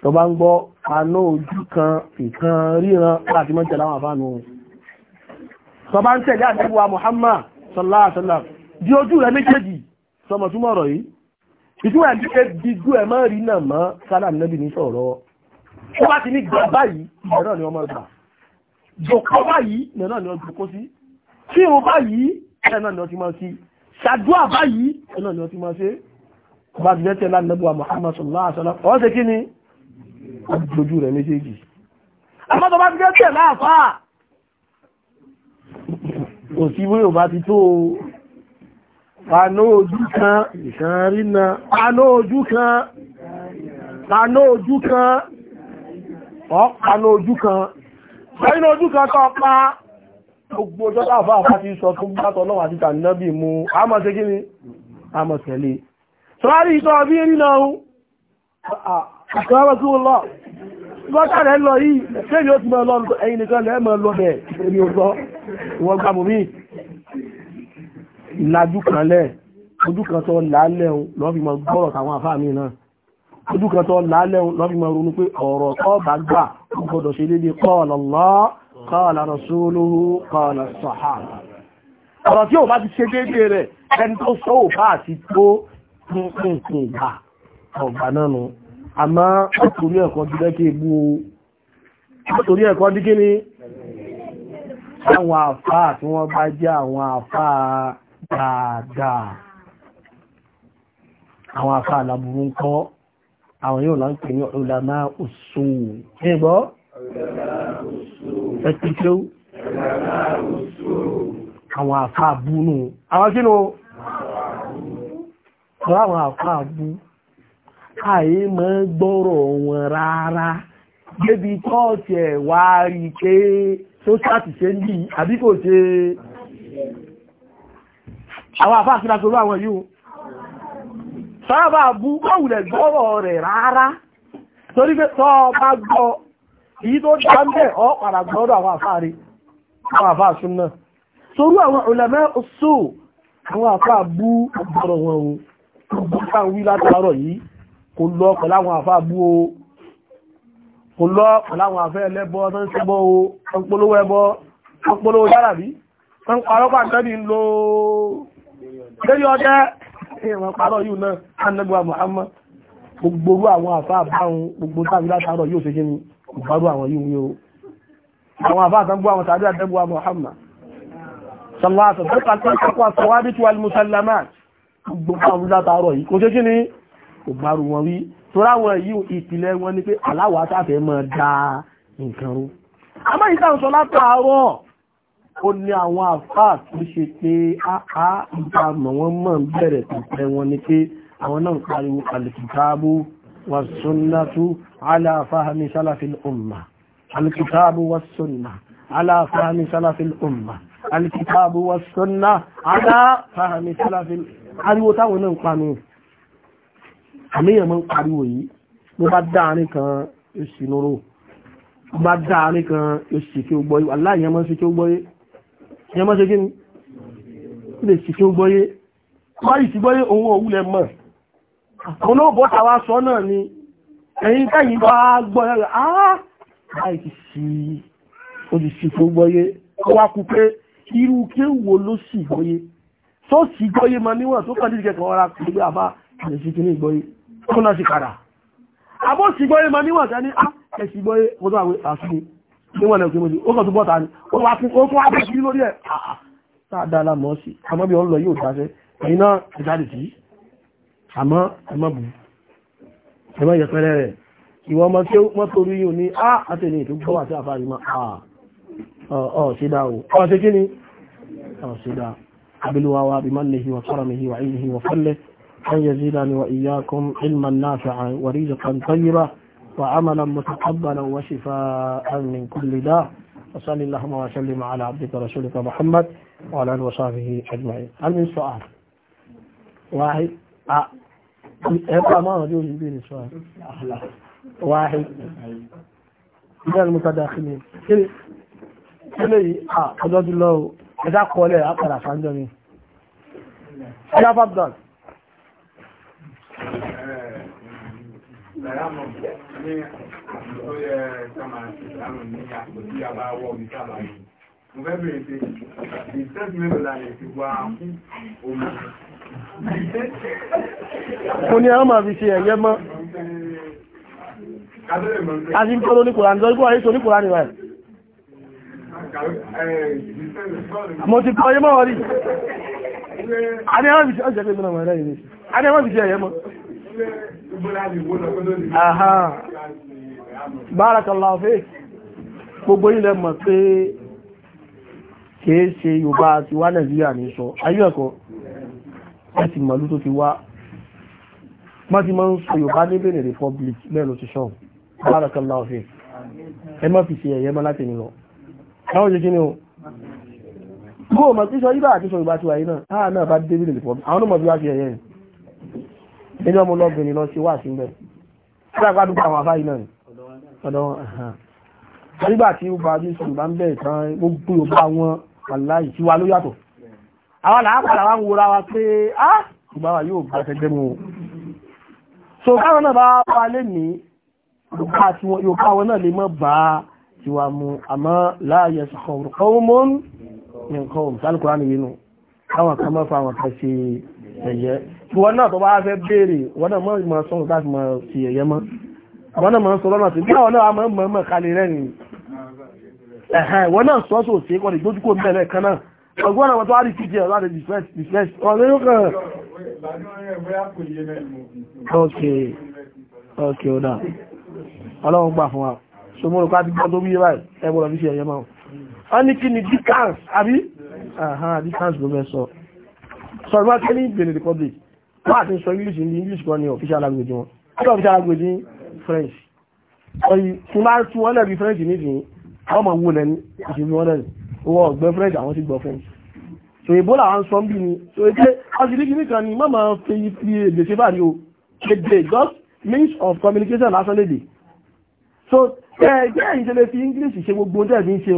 tó bá ń gbọ́ aná ojú kan ìkan ríran láti mọ́ tẹ̀lé àwọn àfáànù tó bá ń tẹ̀lé àdébùwà Muhammad sallallahu alaihi wasallam di ojú rẹ̀ méjèèjì sọmọ̀ túmọ̀ ọ̀rọ̀ yìí ìtumọ̀ ẹ̀dí pé dídú ẹ̀ mọ́ rí náà mọ́ sára nẹ́bì ní sọ̀rọ̀ ni ọmọ ni ọjọ́ kó sí ni ọjọ́ máa sí ṣàdúrà báyìí ẹ̀nà ni wọ́n ti máa ṣe bá ti jẹ́ tẹ́lá nẹ́bùwà Muhammad sallallahu alaihi wasallam ọ̀hún ṣe kí ni ojú rẹ̀ méjèèjì àmọ́ tó bá ti jẹ́ tẹ́lá àfà kò sí wíwò bá ti tó àná ojú kan ìkan rí na àná ojú kan àná ojú kan ọ̀pàá ojú kan sẹ́yìn ojú kan tó pa gbogbo tọ́lá àfáà bá ti sọ fún gbátọ̀ lọ́wọ́ àti tànàbì mú àmọ́ ṣe kíni àmọ́ tẹ̀lé sọ́rí ìtọ́ bí rí náà ah, ah, ń àkọwọ́ sí lọ gọ́tà rẹ̀ lọ yìí ṣéyìn ó ti mọ́ lọ ẹ̀yìn nìkan lẹ́ mọ́ lọ bẹ̀ kọ́ọ̀lá rasúlúhú kọ́ọ̀lá sọ̀háàbà ọ̀rọ̀ tí ò bá ti ṣe déédé rẹ̀ ẹni tó sọ ò bá àti tó kùnkùnkùn ìgbà ọ̀gbà náà nù àmọ́ nítorí ẹ̀kọ́ dídẹ́ kí ebú nítorí ẹ̀kọ́ dí kíní àwọn àfáà tí wọ́n bá jẹ́ àwọn àfáà dáadáa àwọn àfáà làbùrú ń kọ́ àwọn yóò láǹkì ní ọ̀làmá òṣù ẹ̀kí àwọn àfá nù àwọn kí o àwọn àfá bú àyí mọ́ gbọ́rọ̀ wọn rárá débi tọ́ọ̀tì ẹ̀ wá rí ṣe ń bí àbí kò ṣe àwọn àwọn bú kọ́wùlẹ̀ gbọ́rọ̀ rẹ̀ rárá torí pé tọ́ bá gbọ́ èyí tó dá ń bẹ̀ ọ́ padà gbọ́dọ̀ àwọn àfáà rí àwọn àfáà súnà sorú àwọn ulama ọ̀ṣù àwọn àfáà bú ọ̀rọ̀ wọn o gbogbo táwọn wí látàárọ̀ yìí kò lọ pẹ̀lú àwọn àfáà bú o kò lọ pẹ̀lú àwọn àfẹ́ ẹlẹ́bọ tó ń ṣẹbọ o tó ń polówó ẹbọ tó ń polówó yára bí tó ń parọ́ pàtẹ́ ní lo lórí ọdẹ́ ìwọ̀n parọ́ yìí náà annabuwa Muhammad gbogbo àwọn àfáà báhùn gbogbo táwọn látàárọ̀ yóò ṣe kí ni kò bárú àwọn yìí ní o àwọn àbáàtàn gbọ́ àwọn tàbí àdẹ́gbọ́ àwọn Muhammad sallásọ tó kàtà kàkọ́ àsọwádìí tí wà ní musallamat gbogbo àwọn látàárọ̀ yìí kò ṣe kí ni kò bárú wọn wí torí àwọn yìí ìpìlẹ̀ wọn ni pé aláwọ̀ àtàfẹ́ mọ́ ó ní àwọn àfáà ṣe pé àá ìta mọ̀ mọ̀ bẹ̀rẹ̀ pẹ̀pẹ̀ wọn ni pé àwọn náà ń pariwo kàlùkù káàbù والسنة على فهم سلف الأمة الكتاب والسنة على فهم سلف الأمة الكتاب والسنة على فهم سلف ariwo táwọn náà ń panu àmìyàn mọ́ ń pariwo yìí ló bá dáàrin kan èsì lóró ló bá dáàrin kan èsì kí ó gbọ́yé aláìyàn mọ́ sí kí ó gbọ́yé ìyàn mọ́ sí kí ní lè sì kí ó gbọ́yé wáyìí sí gbọ́yé òun òwúlẹ̀ mọ́ àwọn olóòbọ́ta wá sọ náà ni ẹ̀yìn tẹ́yìn bá gbọ́ ẹ̀rọ àá láìsí sí òṣìṣì tó gbọ́yé ó wá kú pé irú kéwò ló sì gbọ́yé tó sì gbọ́yé ma níwọ̀n tó kàn díjẹ́ kan ọ̀rá pẹ̀lú àbá àdẹ̀sí kí ní gbọ́yé kó náà sì kàrà àbó sì gbọ́yé ma níwọ̀n tẹ́ ní á ẹ̀sì gbọ́yé mo tó àwọn àṣírí níwọ̀n lẹ́kùn mo sì ó kàn tó bọ́ta ni ó wá kú ó tún wá bẹ̀rẹ̀ sí lórí ẹ̀ sáà dáa lámọ́ sí àmọ́ bí ọ àmọ́ ẹmọ́ bù ẹmọ́ ìyẹ̀pẹ̀rẹ̀ rẹ̀ ìwọ ọmọ tí wọ́n torí yìí ní á àtẹni tó gbọ́wà sí àfáàrí ma ọ̀ṣídá o ọ̀ṣí kí ni ọ̀ṣídá abiluwa wa bí mannihi wa karamihi wa ilmihi wa falle an yazidani wa iyyakum ilman nafi'a wa rizqan tayyiba wa amalan mutaqabbalan wa shifaan min kulli da' wa sallallahu wa ẹ̀kọ́ àmọ́ràn lórí ìbéèrè sọ wáhí ìdẹ́rù mú tàdá kí ni kílé yìí à ọjọ́ jùlọ ẹ̀dá kọlẹ̀ àpàdà sáńjọ́ mi ẹ̀dá fàbdàn Ìgbàlámọ̀ ní àtúntò yẹ kàmà ìsìlámù ní àpò tí a bá wọ́ mi sábà yìí. Mo fẹ́ bèèrè pé, ìsẹ́sì mélòó la lè fi wá omi mo ní àwọn máa fi ṣe ẹ̀yẹ mọ́ a ti ń tọ́rọ ní kòránì lọ́rí kòránì tó ní kòránì rẹ̀ mo ti kọ́ yẹmọ́ rí a ní àwọn fi ṣe ọjọ́ pé mọ́ rẹ̀ ìrìn a ní àwọn fi ṣe ẹ̀yẹ mọ́ bárakàlá fẹ́ gbogbo ilẹ̀ mọ̀ pé kìí ṣe Yorùbá ti wá Nàìjíríà ní sọ ayé ẹ̀kọ́ láti màlú tó ti wá má ti máa ń sọ Yorùbá ní Benin Republic bẹ́ẹ̀ ló ti sọ bárakàlá ọ̀fẹ́ ẹ má fi ṣe ẹ̀yẹ má láti nìlọ káwọn ṣe kí o gbọ́ ọmọ tí sọ ibà àti sọ Yorùbá ti wáyé náà táà náà bá dé Benin Republic àwọn ọmọ bí wá fi ẹ̀yẹ ni ẹjọ́ mo lọ bìnrin lọ sí wà sí bẹ́ẹ̀ sígbà pàdé àwọn afá yìí náà ni ọ̀dọ̀ wọn nígbà tí ó bá bí sọ Yorùbá ń bẹ̀ẹ̀ tán gbogbo Yorùbá wọn wà láì sí wa ló yàtọ̀ àwọn làápàdà wá ń wòrà wa pé á ìgbàwà yóò bá tẹgbẹ́ mú so káwọn náà bá wà lè ní yóò káwọn náà lè mọ́ bá tiwa mú àmọ́ láàyè sọ̀rọ̀ kọ́wọ́n ní nǹkan sálùkùrá nìyí nù káwọn kan mọ́ fa àwọn kan ṣe ẹ̀yẹ wọn náà tó bá fẹ́ béèrè wọn náà mọ́ ìmọ̀ sọ́rọ̀ láti mọ̀ sí ẹ̀yẹ mọ́ wọn náà mọ́ sọ lọ́nà sí bí àwọn náà mọ́ mọ́ kalẹ̀ rẹ̀ nìyí wọn náà sọ́sọ̀ sí kọ́ni gbójúkò mẹ́rẹ̀ kan náà ọgbọ́n àwọn tó wá rí kíkẹ́ ọ̀lá rẹ̀ defense defense ọ̀lẹ́ yóò kàn ok ok ọ̀dá ọlọ́run gbà fún wa so mọ́rọ̀ ká ti gbọ́ tó wíyẹ báyìí ẹgbọ́n ní ṣe ẹ̀yẹ máa wọ́n ní kí ni dicans àbí ahán dicans ló fẹ́ sọ sọ ìwá kí ní Benin Republic wọ́n àti sọ English ní English kan ní official language wọn wọ́n official language ní French ọ̀yìn tí wọ́n lẹ́bi French nídìí àwọn ọmọ wo lẹ́ni ìṣèlú wọn lẹ́ni wọ́n ọ̀gbẹ́ french àwọn ti gbọ́ french so ebola àwọn sọ bí ni so èdè ọ̀sìnlẹ́gì nìkan ni má máa fi fi èdè ṣe bá ní o èdè just means of communication lásán lédè so ẹgbẹ́ ẹ̀yìn ṣe lè fi english ṣe gbogbo ohun tẹ̀sí ń ṣe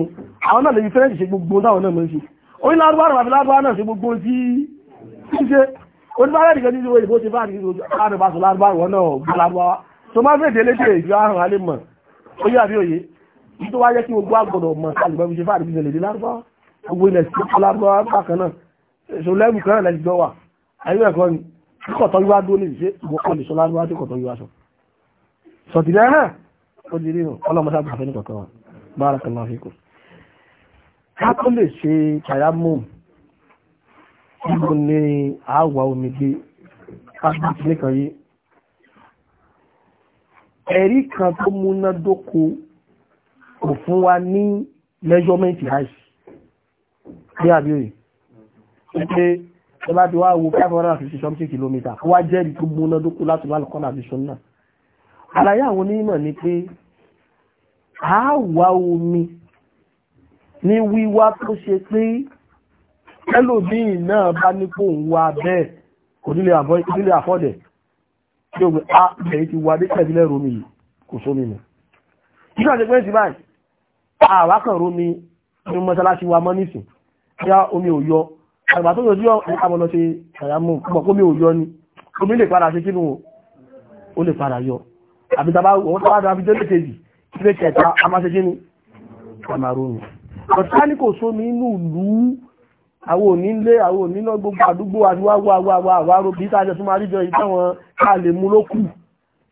àwọn náà lè fi french ṣe gbogbo ohun táwọn náà máa ń ṣe orí lárúbáwá náà àfi lárúbáwá náà ṣe gbogbo ohun tí ń ṣe oníbàárẹ̀ nìkan ti ṣe wo ìbò ṣe bá àdìgbò lárúbáwá náà gbọ́ lárúbáwá so má fèdè lédè ìjọ àrùn alẹ́ mọ̀ ó yà bí òye ní tó wá jẹ́ kí gbogbo àgbọ̀dọ̀ mọ̀ alùpàá fi ṣe fáàrí ìṣẹ̀lẹ̀ dé lárúbáwá gbogbo ilẹ̀ sí lárúbáwá bákan náà èso lẹ́bù kan lẹ́sì jọ wà ayé ẹ̀kọ́ ni kíkọ̀tọ́ yíwá dúró ní ìṣe ìwọ̀kọ̀ lè sọ lárúbáwá tí kọ̀tọ́ yíwá sọ sọ̀tìlẹ̀ hàn ó di rírun ọlọ́mọdé àgbàfẹ́ ní kọ̀tọ́ wa barakallahu fikum ká tó lè ṣe tayammum ibo ni àáwà omi gbé kábíyèsí nìkan yìí ẹ̀rí kan tó múná dóko kò fún wa ní measurement height bí àbíòrì wípé ẹ bá ti wá wo 550 something kilometer ó wá jẹ́rìí tó múná dókú láti wá lọ́kọ́ àti sunna àlàyé àwọn onímọ̀ ni pé a wá omi ní wíwá tó ṣe pé ẹlòmíì náà bá nípò ń wá bẹ́ẹ̀ kò nílé àfọ́dẹ̀ tí ó gbé a bẹ̀rẹ̀ ti wá dé tẹ̀sílẹ̀ romi kò sómi mọ̀ nígbà tí pé àwákànrò mi ní mọ́sálásí wa mọ́ nísìn yá omi ò yọ àgbà tó yọjú àmọ́ lọ sí àyàmú pọ̀ kómi ò yọ ni omi lè padà ṣe kínú ó lè padà yọ àbí tàbá wọ́n tàbá tàbá jẹ́ lẹ́kẹ̀ẹ́jì ilé kẹta a máa ṣe kínú àmàrò mi ọ̀tá ní kò sómi inú ìlú àwọn onílé àwọn onílọ gbogbo àdúgbò àwọ àwọ àwọ àwárò bí sáájọ tó máa ríjọ ìtàwọn ká lè mú lókù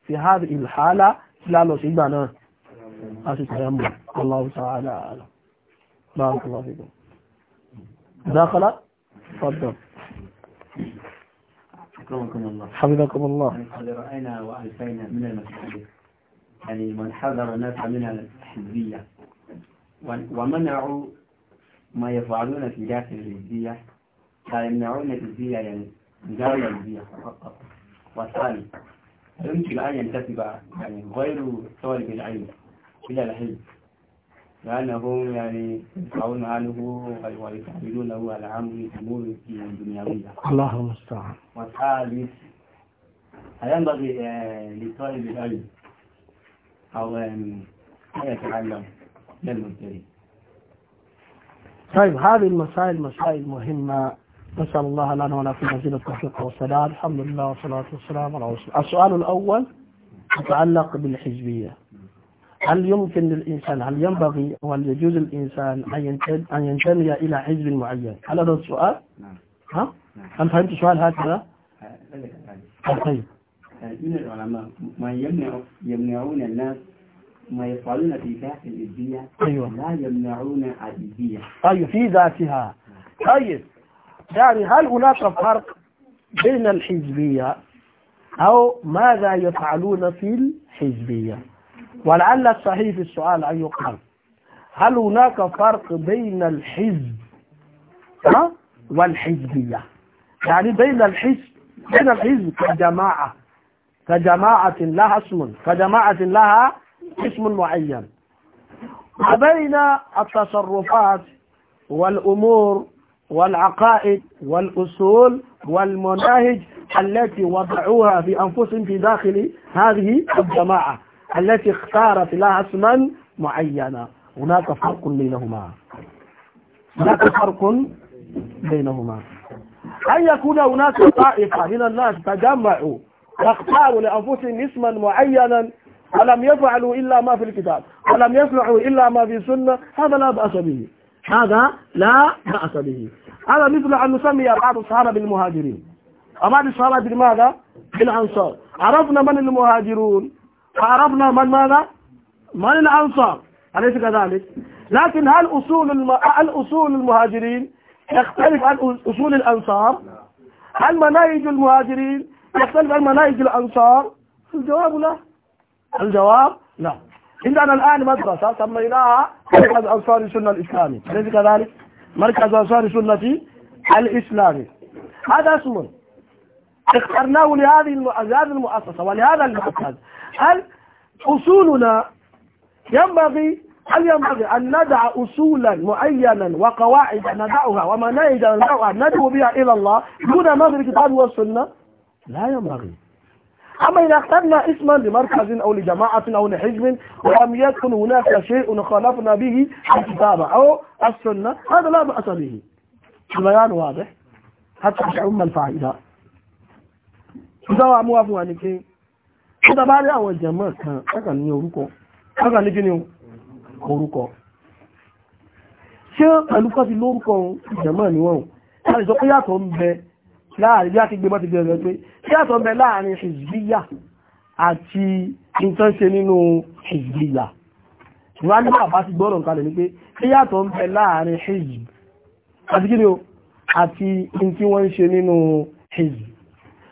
fi hàr ìlhálà sílá lọ sí ìgbà náà أتي التيمم الله تعالى أعلم بارك الله فيكم داخل تفضل شكركم الله حفظكم الله قد رأينا وألفينا من المساجد يعني من حذر الناس من الحزبية ومنعوا ما يفعلون في داخل الحزبية كانوا يمنعون الحزبية يعني مجال الحزبية فقط وثاني يمكن أن ينتسب يعني غير طالب العلم إلى العلم لأنهم يعني يدفعون عنه ويتعاملونه على عمل أمور دنيوية الله المستعان والثالث فينبغي آه، لطالب العلم أو أن آه، يتعلم من المنكرين طيب هذه المسائل مسائل مهمة نسأل الله لنا ولكم مزيد التوفيق والسلام الحمد لله والصلاة والسلام على رسول السؤال الأول يتعلق بالحزبية هل يمكن للإنسان هل ينبغي وهل يجوز الإنسان أن ينتمي إلى حزب معين هل هذا السؤال؟ نعم ها؟ نعم. هل فهمت السؤال هكذا؟ أه، أه، طيب من العلماء ما يمنع يمنعون الناس ما يفعلون في ذات الإدبية أيوة. لا يمنعون الإبدية أيوة طيب، في ذاتها طيب يعني هل هناك فرق بين الحزبية أو ماذا يفعلون في الحزبية ولعل الصحيح في السؤال أن يقال هل هناك فرق بين الحزب والحزبية يعني بين الحزب بين الحزب كجماعة كجماعة لها اسم كجماعة لها اسم معين وبين التصرفات والأمور والعقائد والأصول والمناهج التي وضعوها في أنفسهم في داخل هذه الجماعة التي اختارت لها اسما معينا هناك فرق بينهما هناك فرق بينهما أن يكون هناك طائفة من الناس تجمعوا واختاروا لأنفسهم اسما معينا ولم يفعلوا إلا ما في الكتاب ولم يسمعوا إلا ما في السنة هذا لا بأس به هذا لا بأس به هذا مثل أن نسمي بعض الصحابة بالمهاجرين وبعض الصحابة بماذا؟ بالأنصار عرفنا من المهاجرون فعرفنا من ماذا من الأنصار أليس كذلك لكن هل أصول الم... هل أصول المهاجرين تختلف عن أصول الأنصار هل مناهج المهاجرين تختلف عن مناهج الأنصار الجواب لا الجواب لا عندنا الآن مدرسة سميناها مركز أنصار السنة الإسلامي أليس كذلك مركز أنصار السنة الإسلامي هذا اسمه اخترناه لهذه المؤسسة ولهذا المركز هل أصولنا ينبغي هل ينبغي أن ندع أصولا معينا وقواعد ندعها ومناهج ندعها ندعو بها إلى الله دون نظر الكتاب والسنة لا ينبغي أما إذا اخترنا اسما لمركز أو لجماعة أو لحزب ولم يكن هناك شيء خالفنا به الكتاب أو السنة هذا لا بأس به البيان واضح حتى ما الفائدة إذا كيف tó tàbá rí àwọn ìjẹ̀mọ́ kan ẹ́kà ní orúkọ ẹ́kà ní kíni orúkọ ṣé pẹ̀lú kọ́ ti lórúkọ ìjẹ̀mọ́ ni wọ́n a lè sọ pé yàtọ̀ ń bẹ láàrin bí a ti gbé mọ́ ti bẹ̀rẹ̀ rẹ̀ pé yàtọ̀ ń bẹ láàrin ìzìyà àti nǹkan ṣe nínú ìzìyà ìwà ní bàbá ti gbọ́rọ̀ nǹkan lè ní pé ṣé yàtọ̀ ń bẹ láàrin hizb àti kíni o àti nǹkan tí wọ́n ń ṣe nínú hizb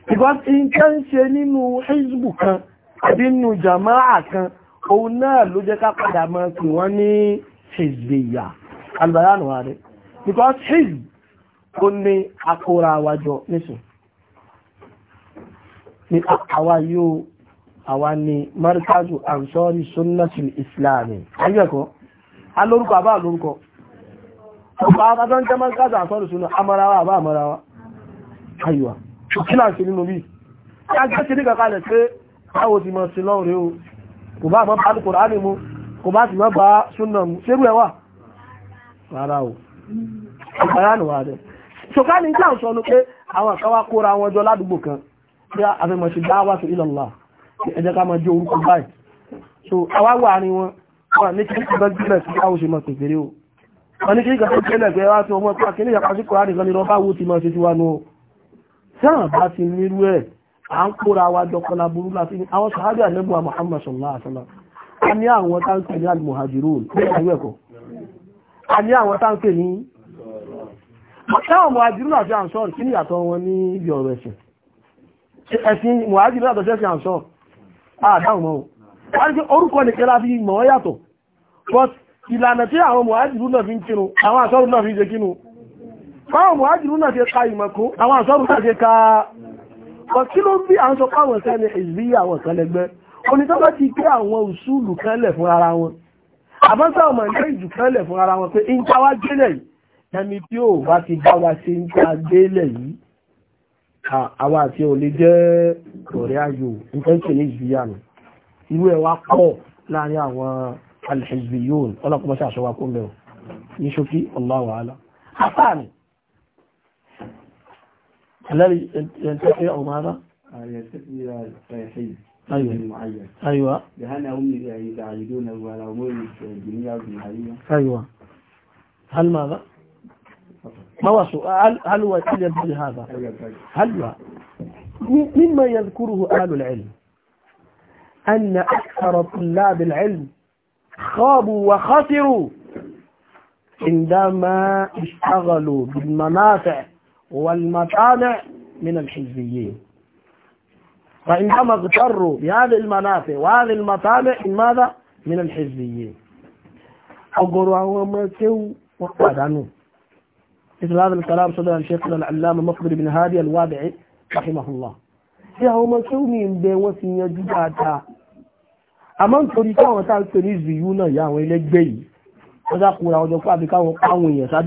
because in kan ṣe nínú hizbu kan àbí nínú jama'a kan òun náà ló jẹ́ ká padà mọ́ pé wọ́n ní hizbiya albayanu rẹ̀ because hizb ó ní akóra àwàjọ nísìn ní àwa yóò àwa ni markazu ansori sunnatul islami ayẹ́kọ́ alórúkọ àbá alórúkọ ọ̀pá akátọ́ ń jẹ́ markazu ansori sunna amarawa àbá amarawa ayọ́wà kí là ń ṣe nínú bí ajá ṣe ní kankan lẹ̀ pé báwo ti mọ̀ sí lọ́rùn rẹ o kò bá àmọ́ bá Kùránì mu kò bá sì mọ́ bá súnà mu ṣerú ẹ wà rárá o ìgbàrá nù wà rẹ̀ ṣòká ní ìjà sọ ní pé àwọn àkọwà kóra wọn jọ ládùúgbò kan bí àfihàn ṣe dá wá sí ìlàlá ẹ jẹ́ ká máa jẹ́ orúkọ báyìí so àwa wà ní wọn wọn ní kí ní bá gbílẹ̀ wá tí wọn mọ́ pé ìyàpá sí Kùránì nìkan ni rọ́bá wo ti máa ṣe sí wa nù o táà bá ti nírú ẹ̀ à ń kóra wa jọ kọlá burú láti ní àwọn sàájú àlẹ́bùwà Muhammad sallallahu alaihi wasallam a ní àwọn táǹkì ní al-muhajirun ní ìwé ẹ̀kọ́ a ní àwọn táǹkì ní táwọn muhajirun àti ansor kí ni ìyàtọ̀ wọn ní ibi ọ̀rọ̀ ẹ̀sìn ẹ̀sìn muhajirun àti ẹ̀sìn ansor ìlànà tí àwọn muhajirun náà fi ń kírun àwọn ansor náà fi ń ṣe kírun báwọn mọ̀hájìrún náà ṣe ka ìmọ̀kún àwọn àṣọ́rù náà ṣe ka kí ló bí à ń sọ páwọn sẹ́ni ìbíyà àwọn sẹ́lẹ̀gbẹ́ onítọ́gbà ti gbé àwọn òṣùlù kẹ́lẹ̀ fún ara wọn àbọ́sà ọmọ ìlú ìjù kẹ́lẹ̀ fún ara wọn pé ìjà wá gbélẹ̀ yìí ẹni tí ó bá ti bá wa ṣe ń já gbélẹ̀ yìí àwa àti الذي يلتقي أو ماذا؟ آه، يلتقي الصيحين أيوة المعين أيوة لهنا هم يتعايدون على أمور الدنيا والدنيا أيوة هل ماذا؟ ما وصل هل هل هو يبغي هذا؟ أيوة، هل هو مما يذكره أهل العلم أن أكثر طلاب العلم خابوا وخسروا عندما اشتغلوا بالمنافع والمطالع من الحزبيين فإنما اغتروا بهذه المنافع وهذه المطالع من ماذا؟ من الحزبيين أقروا وما وقعد وقعدانوا مثل هذا الكلام صدر شيخنا العلامة مقبل بن هادي الوادعي رحمه الله يا mi ń bẹ wọ́n ti yanjú dáadáa àmọ́ nítorí káwọn tá ń pè ní ziyu náà yà àwọn ẹlẹ́gbẹ́ yìí wọ́n sá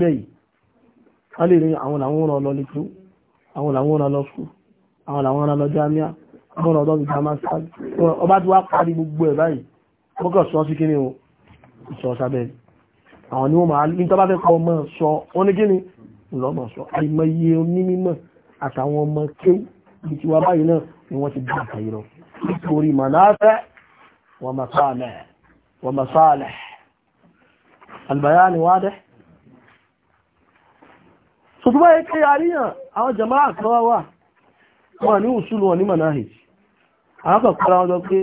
wọ́n lè ní àwọn làwọn ràn lọ lẹ́kú àwọn làwọn ràn lọ fún àwọn làwọn ràn lọ jámíà àwọn ràn lọ bí jámá sáájú ọba tí wá parí gbogbo ẹ̀ báyìí mọ́kàn sọ sí kíni o sọ sábẹ́ àwọn ni wọ́n máa ní tọ́ba fẹ́ kọ́ ọmọ sọ wọ́n ti bá àkàyè lọ nítorí màláfẹ́ wọ́n masáàlẹ̀ wọ́n masáàlẹ̀ àlùbáyá ṣùgbọ́n ẹ kí àríyàn àwọn jama àkọwà wà wọ́n ní òṣùlù wọn ní manahij àwọn kọ̀kọ́ra wọn lọ pé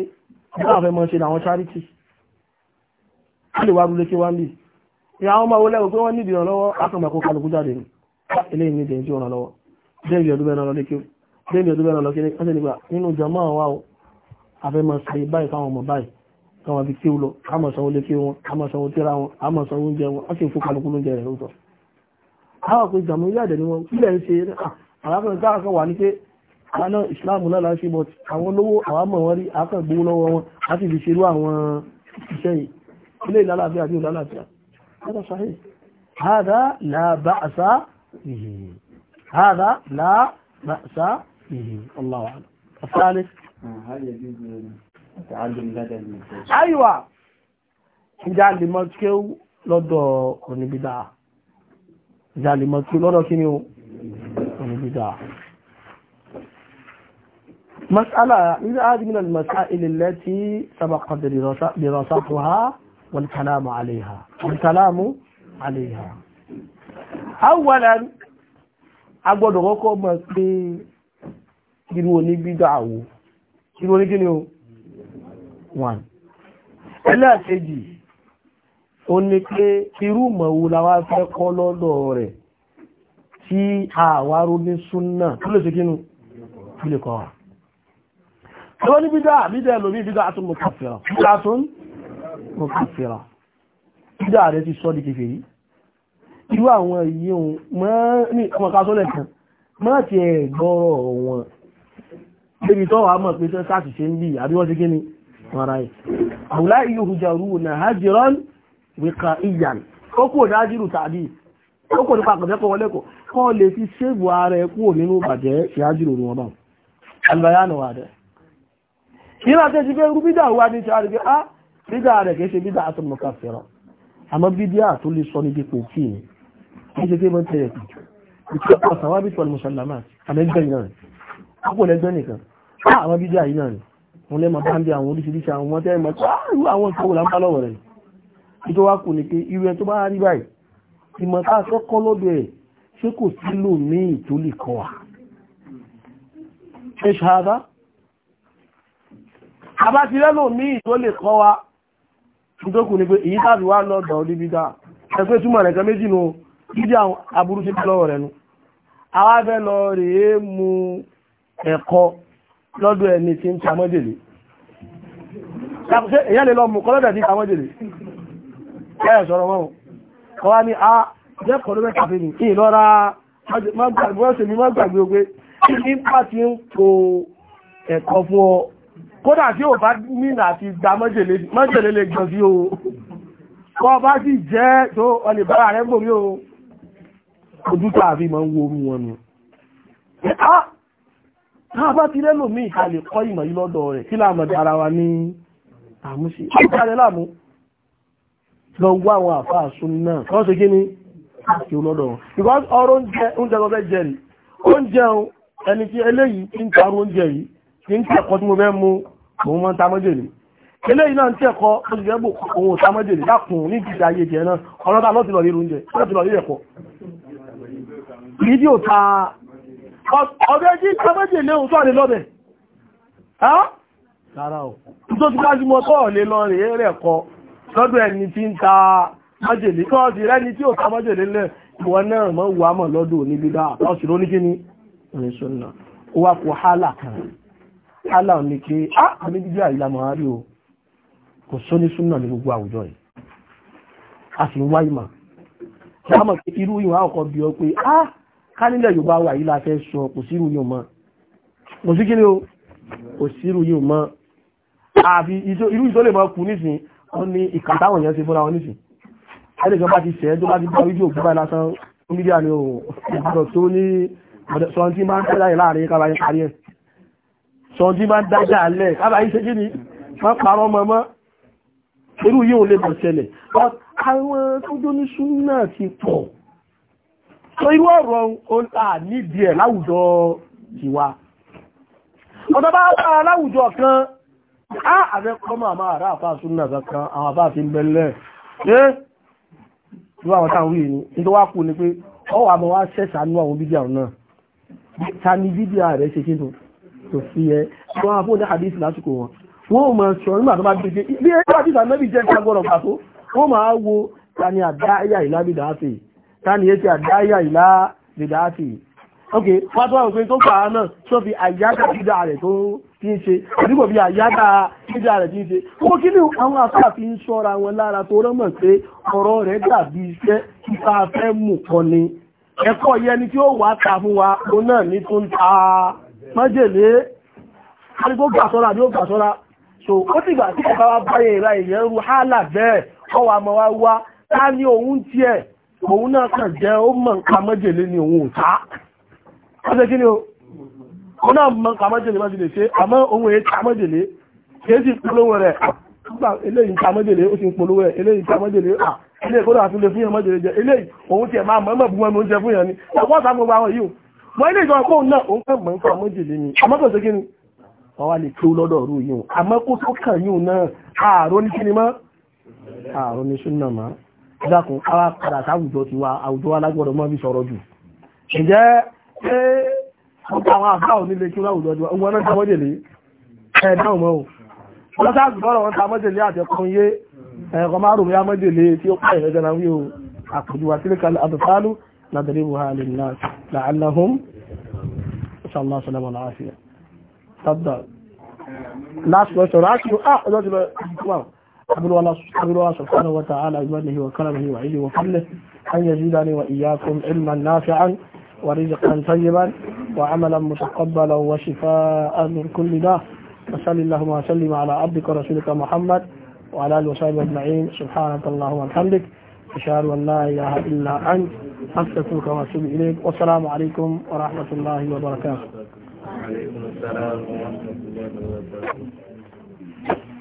wọ́n fẹ́ mọ́ ṣe àwọn charity wọ́n lè wá rúlé kí wọ́n bí i àwọn ọmọ olẹ́wọ̀ pé wọ́n níbi ìrànlọ́wọ́ akọ̀mọ̀kọ́ kálukú jáde ní ilé ìní ìdẹ̀yìn tí ó rànlọ́wọ́ débi ọdún bẹ́ẹ̀ lọ àwọn pé jàmú yàdẹ̀ ni wọn kílẹ̀ ń ṣe àrákùnrin tá àkọ́ wà ní pé àná ìsìláàmù náà láti bọ̀ àwọn olówó àwọn mọ̀ wọn rí àkọ́ gbowó lọ́wọ́ wọn láti fi ṣerú àwọn iṣẹ́ yìí ilé ìlàlàáfíà bí ìlàlàáfíà hada sahih hada la ba'sa bihi hada la ba'sa ìjàlèmọ̀ tí lọ́dọ̀ kí ni ó olùgbìdà mas'ala ní àdìmínà mas'ala lati sabaqa dirasatuha wal kalamu alayha wal kalamu alayha awwalan agbọ́dọ̀ kọ́kọ́ mọ̀ pé irú onígbìdà àwò irú onígbìdà àwò 1 ó ní pé irú mọ̀wó làwa fẹ́ kọ́ lọ́dọ̀ rẹ̀ tí àwárò ní súnà tó lè ṣe kínú tó lè kọ́ wa ẹwọ́n ní bídá bídá lómi bídá àtún mọ̀kàfẹ́ra bídá àtún mọ̀kàfẹ́ra bídá rẹ̀ ti sọ́ di kèfè yìí irú àwọn yíò ní ọmọkásọ́lẹ̀ kan máa ti na hajjiran wíkà ìyàn ó kúrò dájírù tàbí ó kò nípa àkàndẹ́kọ̀ wọlé kọ̀ kọ́ lè fi ṣéèbù ara ẹ kúrò nínú ìbàjẹ́ ìyájírò wọn náà albayanu wa dẹ̀ ìrìnà tẹ́ ti pé irú bídà wà ní ṣáà rí pé á bídà rẹ̀ kìí ṣe bídà àtúnmọ̀ká fẹ́ràn àmọ́ bídà tó lè sọ ní dípò tí ní kìí ṣe pé mọ́ tẹ́yẹ̀ kì ìtọ́pọ̀ sàwábí pẹ̀lú mùsàlámà àmẹ́gbẹ́ náà rẹ̀ àpò lẹ́gbẹ́ nìkan ah, tó wá kù ní pé irú ẹ tó bá rí báyìí ìmọ̀ tá a fẹ́ kọ́ lọ́dọ̀ ẹ̀ ṣé kò sílò ní ìtòlì kan wà ṣe ṣàdá àbá ti lẹ́lò ní ìtòlì kan wà ìtókù ní pé èyí tàbí wá lọ́dọ̀ olíbídà ẹgbẹ́ túmọ̀ rẹ̀ kan méjì nù jíjẹ́ àwọn aburú sí lọ́wọ́ rẹ̀ nu àwa fẹ́ lọ rèé mu ẹ̀kọ́ lọ́dọ̀ ẹni tí ń tamọ́jèlé èyàn lè lọ mú kọ́lọ́dọ̀ tí tamọ́jèlé ẹ̀ sọ̀rọ̀ wọn kọ́ wá ní a jẹ́kọ̀ọ́ ló mẹ́ta fi ní ìlọ́ra mọ́gbàgbé mi mọ́gbàgbé ogbe nípa ti ń po ẹ̀kọ́ fún ọ kódà tí ò bá nínà àti gba mọ́jèlé lè jọ sí o kọ́ bá sì jẹ́ tó ọlẹ̀bára rẹ̀ gbòmí o ojútà àfi mọ́ ń wo orú wọn nù náà bá ti lẹ́lòmí ìkàlẹ̀ kọ́ ìmọ̀ yìí lọ́dọ̀ rẹ̀ kí láàmọ̀ dára wa ní àmúṣe ìkàlẹ̀ láàmú lọ wá àwọn àfáà súnà wọ́n ṣe kí ni kí lọ́dọ̀ wọn. because ọrọ̀ oúnjẹ oúnjẹ tó fẹ́ jẹ rí oúnjẹ ẹni tí eléyìí ti ń ta oúnjẹ yìí ti ń kẹ́kọ̀ọ́ tí mo fẹ́ mu òun máa ń ta mọ́jẹ̀ ni eléyìí náà ń tẹ̀kọ́ ó ti gẹ́gbò òun ta mọ́jẹ̀ ni lákùn ní ìdíje ayé jẹ náà ọ̀rọ̀ ta lọ́ọ̀tì lọ́ọ̀rí oúnjẹ lọ́ọ̀tì lọ́ọ̀rí ẹ̀kọ́ fídíò ta ọ̀bẹ jí ta mọ́jẹ̀ léhùn tó àlè lọ́bẹ̀ rárá o tó ti ká sí mọ́ tọ́ọ̀ lé lọ́ọ̀rẹ̀ ẹ̀rẹ̀ ẹ̀kọ́ lọ́dọ̀ ẹni tí ń ta májèlé kọ́ sí rẹ́ni tí ò ta májèlé lẹ̀ ìwọ náà mọ́ wà mọ̀ lọ́dọ̀ òní bídá ọ̀sùn ló ní kí ni ìrìnsọ̀nà ó wá kó hálà kan hálà ní kí á àmì bíbí àìlàmọ̀ àárí o kò sọ ní súnà ní gbogbo àwùjọ yìí a sì ń wá ìmọ̀ sáàmọ̀ pé irú ìwọ̀n àkọ́kọ́ bí ọ pé á ah, ká nílẹ̀ Yorùbá wà yìí la fẹ́ sọ kò sí irú yìí mọ́ kò sí kí o kò sí irú yìí mọ́ àfi irú ìtọ́lẹ̀ mọ́ kù nísìnyí wọ́n ní ìkà táwọn èèyàn fúnra wọn nísìn ẹnìkan bá ti ṣẹ́ tó bá ti bá wíjì òkú báyìí lásán onídìí àni òun ìgbàdọ̀ tó ní sọ́n tí irú yìí ò lè ní súnà ẹ̀ láwùjọ tiwa ọ̀dọ́ bá láwùjọ kan á ah, àfẹ́kọ́mọ̀ àmà àrá àfáàsún náà kankan àwọn àfáàfin bẹ̀lẹ̀ ẹ́ tí wọ́n táwọn wí ní ní tó wá kú ni pé ọwọ́ àmọ́ wá ṣẹ̀ṣà nú àwọn bídíà náà ta ni bídíà rẹ̀ ṣe kí tó fi ẹ tí wọ́n fún ní hadith lásìkò wọn wọ́n mọ̀ sọ nígbà tó bá dé bí ẹ bá dìtà mẹ́bí jẹ́ ìtagbọ́rọ̀ pàtó wọ́n máa wo ta ni àdáyà ìlà bìdáàfì ta ni ok wọ́n tó wà òpin tó kà á náà tó fi àyíká bídà rẹ̀ tí ń ṣe àdúgbò bí àyádá níjà rẹ̀ tí ń ṣe gbogbo kí ní àwọn afẹ́ àfi ń ṣọ́ra wọn lára tó rọ́mọ̀ pé ọ̀rọ̀ rẹ̀ dàbí iṣẹ́ títa fẹ́ mú kọ ni ẹ̀kọ́ yẹn ni tí ó wà ta fún wa o náà ní tó ń ta májèlé àdúgbò gbàsọ́ra àdúgbò gbàsọ́ra so ó ti gbà tí ẹ̀ka wa bá yẹn ra ìyẹn ru hálà bẹ́ẹ̀ ọ wà mọ́ wa wá ta ni òun tiẹ̀ òun náà kàn jẹ́ ó mọ̀ nǹkan májèlé ni òun ò ta. ó ṣe kí ni o òun náà mọ kàmọ́jèlé bá ti lè ṣe àmọ́ ohun èyí kàmọ́jèlé kìí sì polówó rẹ̀ nígbà eléyìí kàmọ́jèlé ó sì ń polówó rẹ̀ eléyìí kàmọ́jèlé à ilé ìkórè àtúndé fún yàn mọ́jèlé jẹ eléyìí òun tiẹ̀ máa mọ̀ ẹ́ mọ̀ bu ẹnu oúnjẹ fún yàn ni ẹ̀kọ́ ọ̀sán gbogbo àwọn yìí wọ́n ilé ìjọba kóun náà òun kàn mọ̀ ń kàmọ́jèlé ni àmọ́ kò sí kí ni wọ́n wá lè tó lọ́dọ̀ ọ̀rú yìí o àmọ́ kó tó kàn yìí o náà ààrùn ní kíni mọ́ ààrùn ní súnà mọ́ dákun káwá padà àwùjọ alágbọ̀dọ̀ mọ́ fi sọ̀rọ̀ jù ǹjẹ́ àwọn àbá ò nílé kí wọ́n láwùjọ ọdún ọgbọ́n náà tamọ́jèlé ẹ̀ẹ́dáhùn mọ́ o lọ́sáàsì bọ́rọ̀ wọn tamọ́jèlé àti ẹkùn yé ẹ̀kọ́ máa rò bóyá mọ́jèlé tí ó pààyàn ẹ̀jẹ̀ náà wí o àpòjúwà sílẹ̀ kan àtọ̀sálù nàdàrí buhari náà làálàhùn sàlá sàlámà láàfíà tàbí last question láti ó ah ọjọ́ ti lọ ìgbà أبلغ الله سبحانه وتعالى بمنه وكرمه وعلمه وفضله أن يزيدني وإياكم علما نافعا ورزقا طيبا وعملا متقبلا وشفاء من كل داء وصل اللهم وسلم على عبدك ورسولك محمد وعلى اله وصحبه اجمعين سبحانك اللهم وبحمدك اشهد ان لا اله الا انت استغفرك واتوب اليك والسلام عليكم ورحمه الله وبركاته وعليكم السلام ورحمه الله وبركاته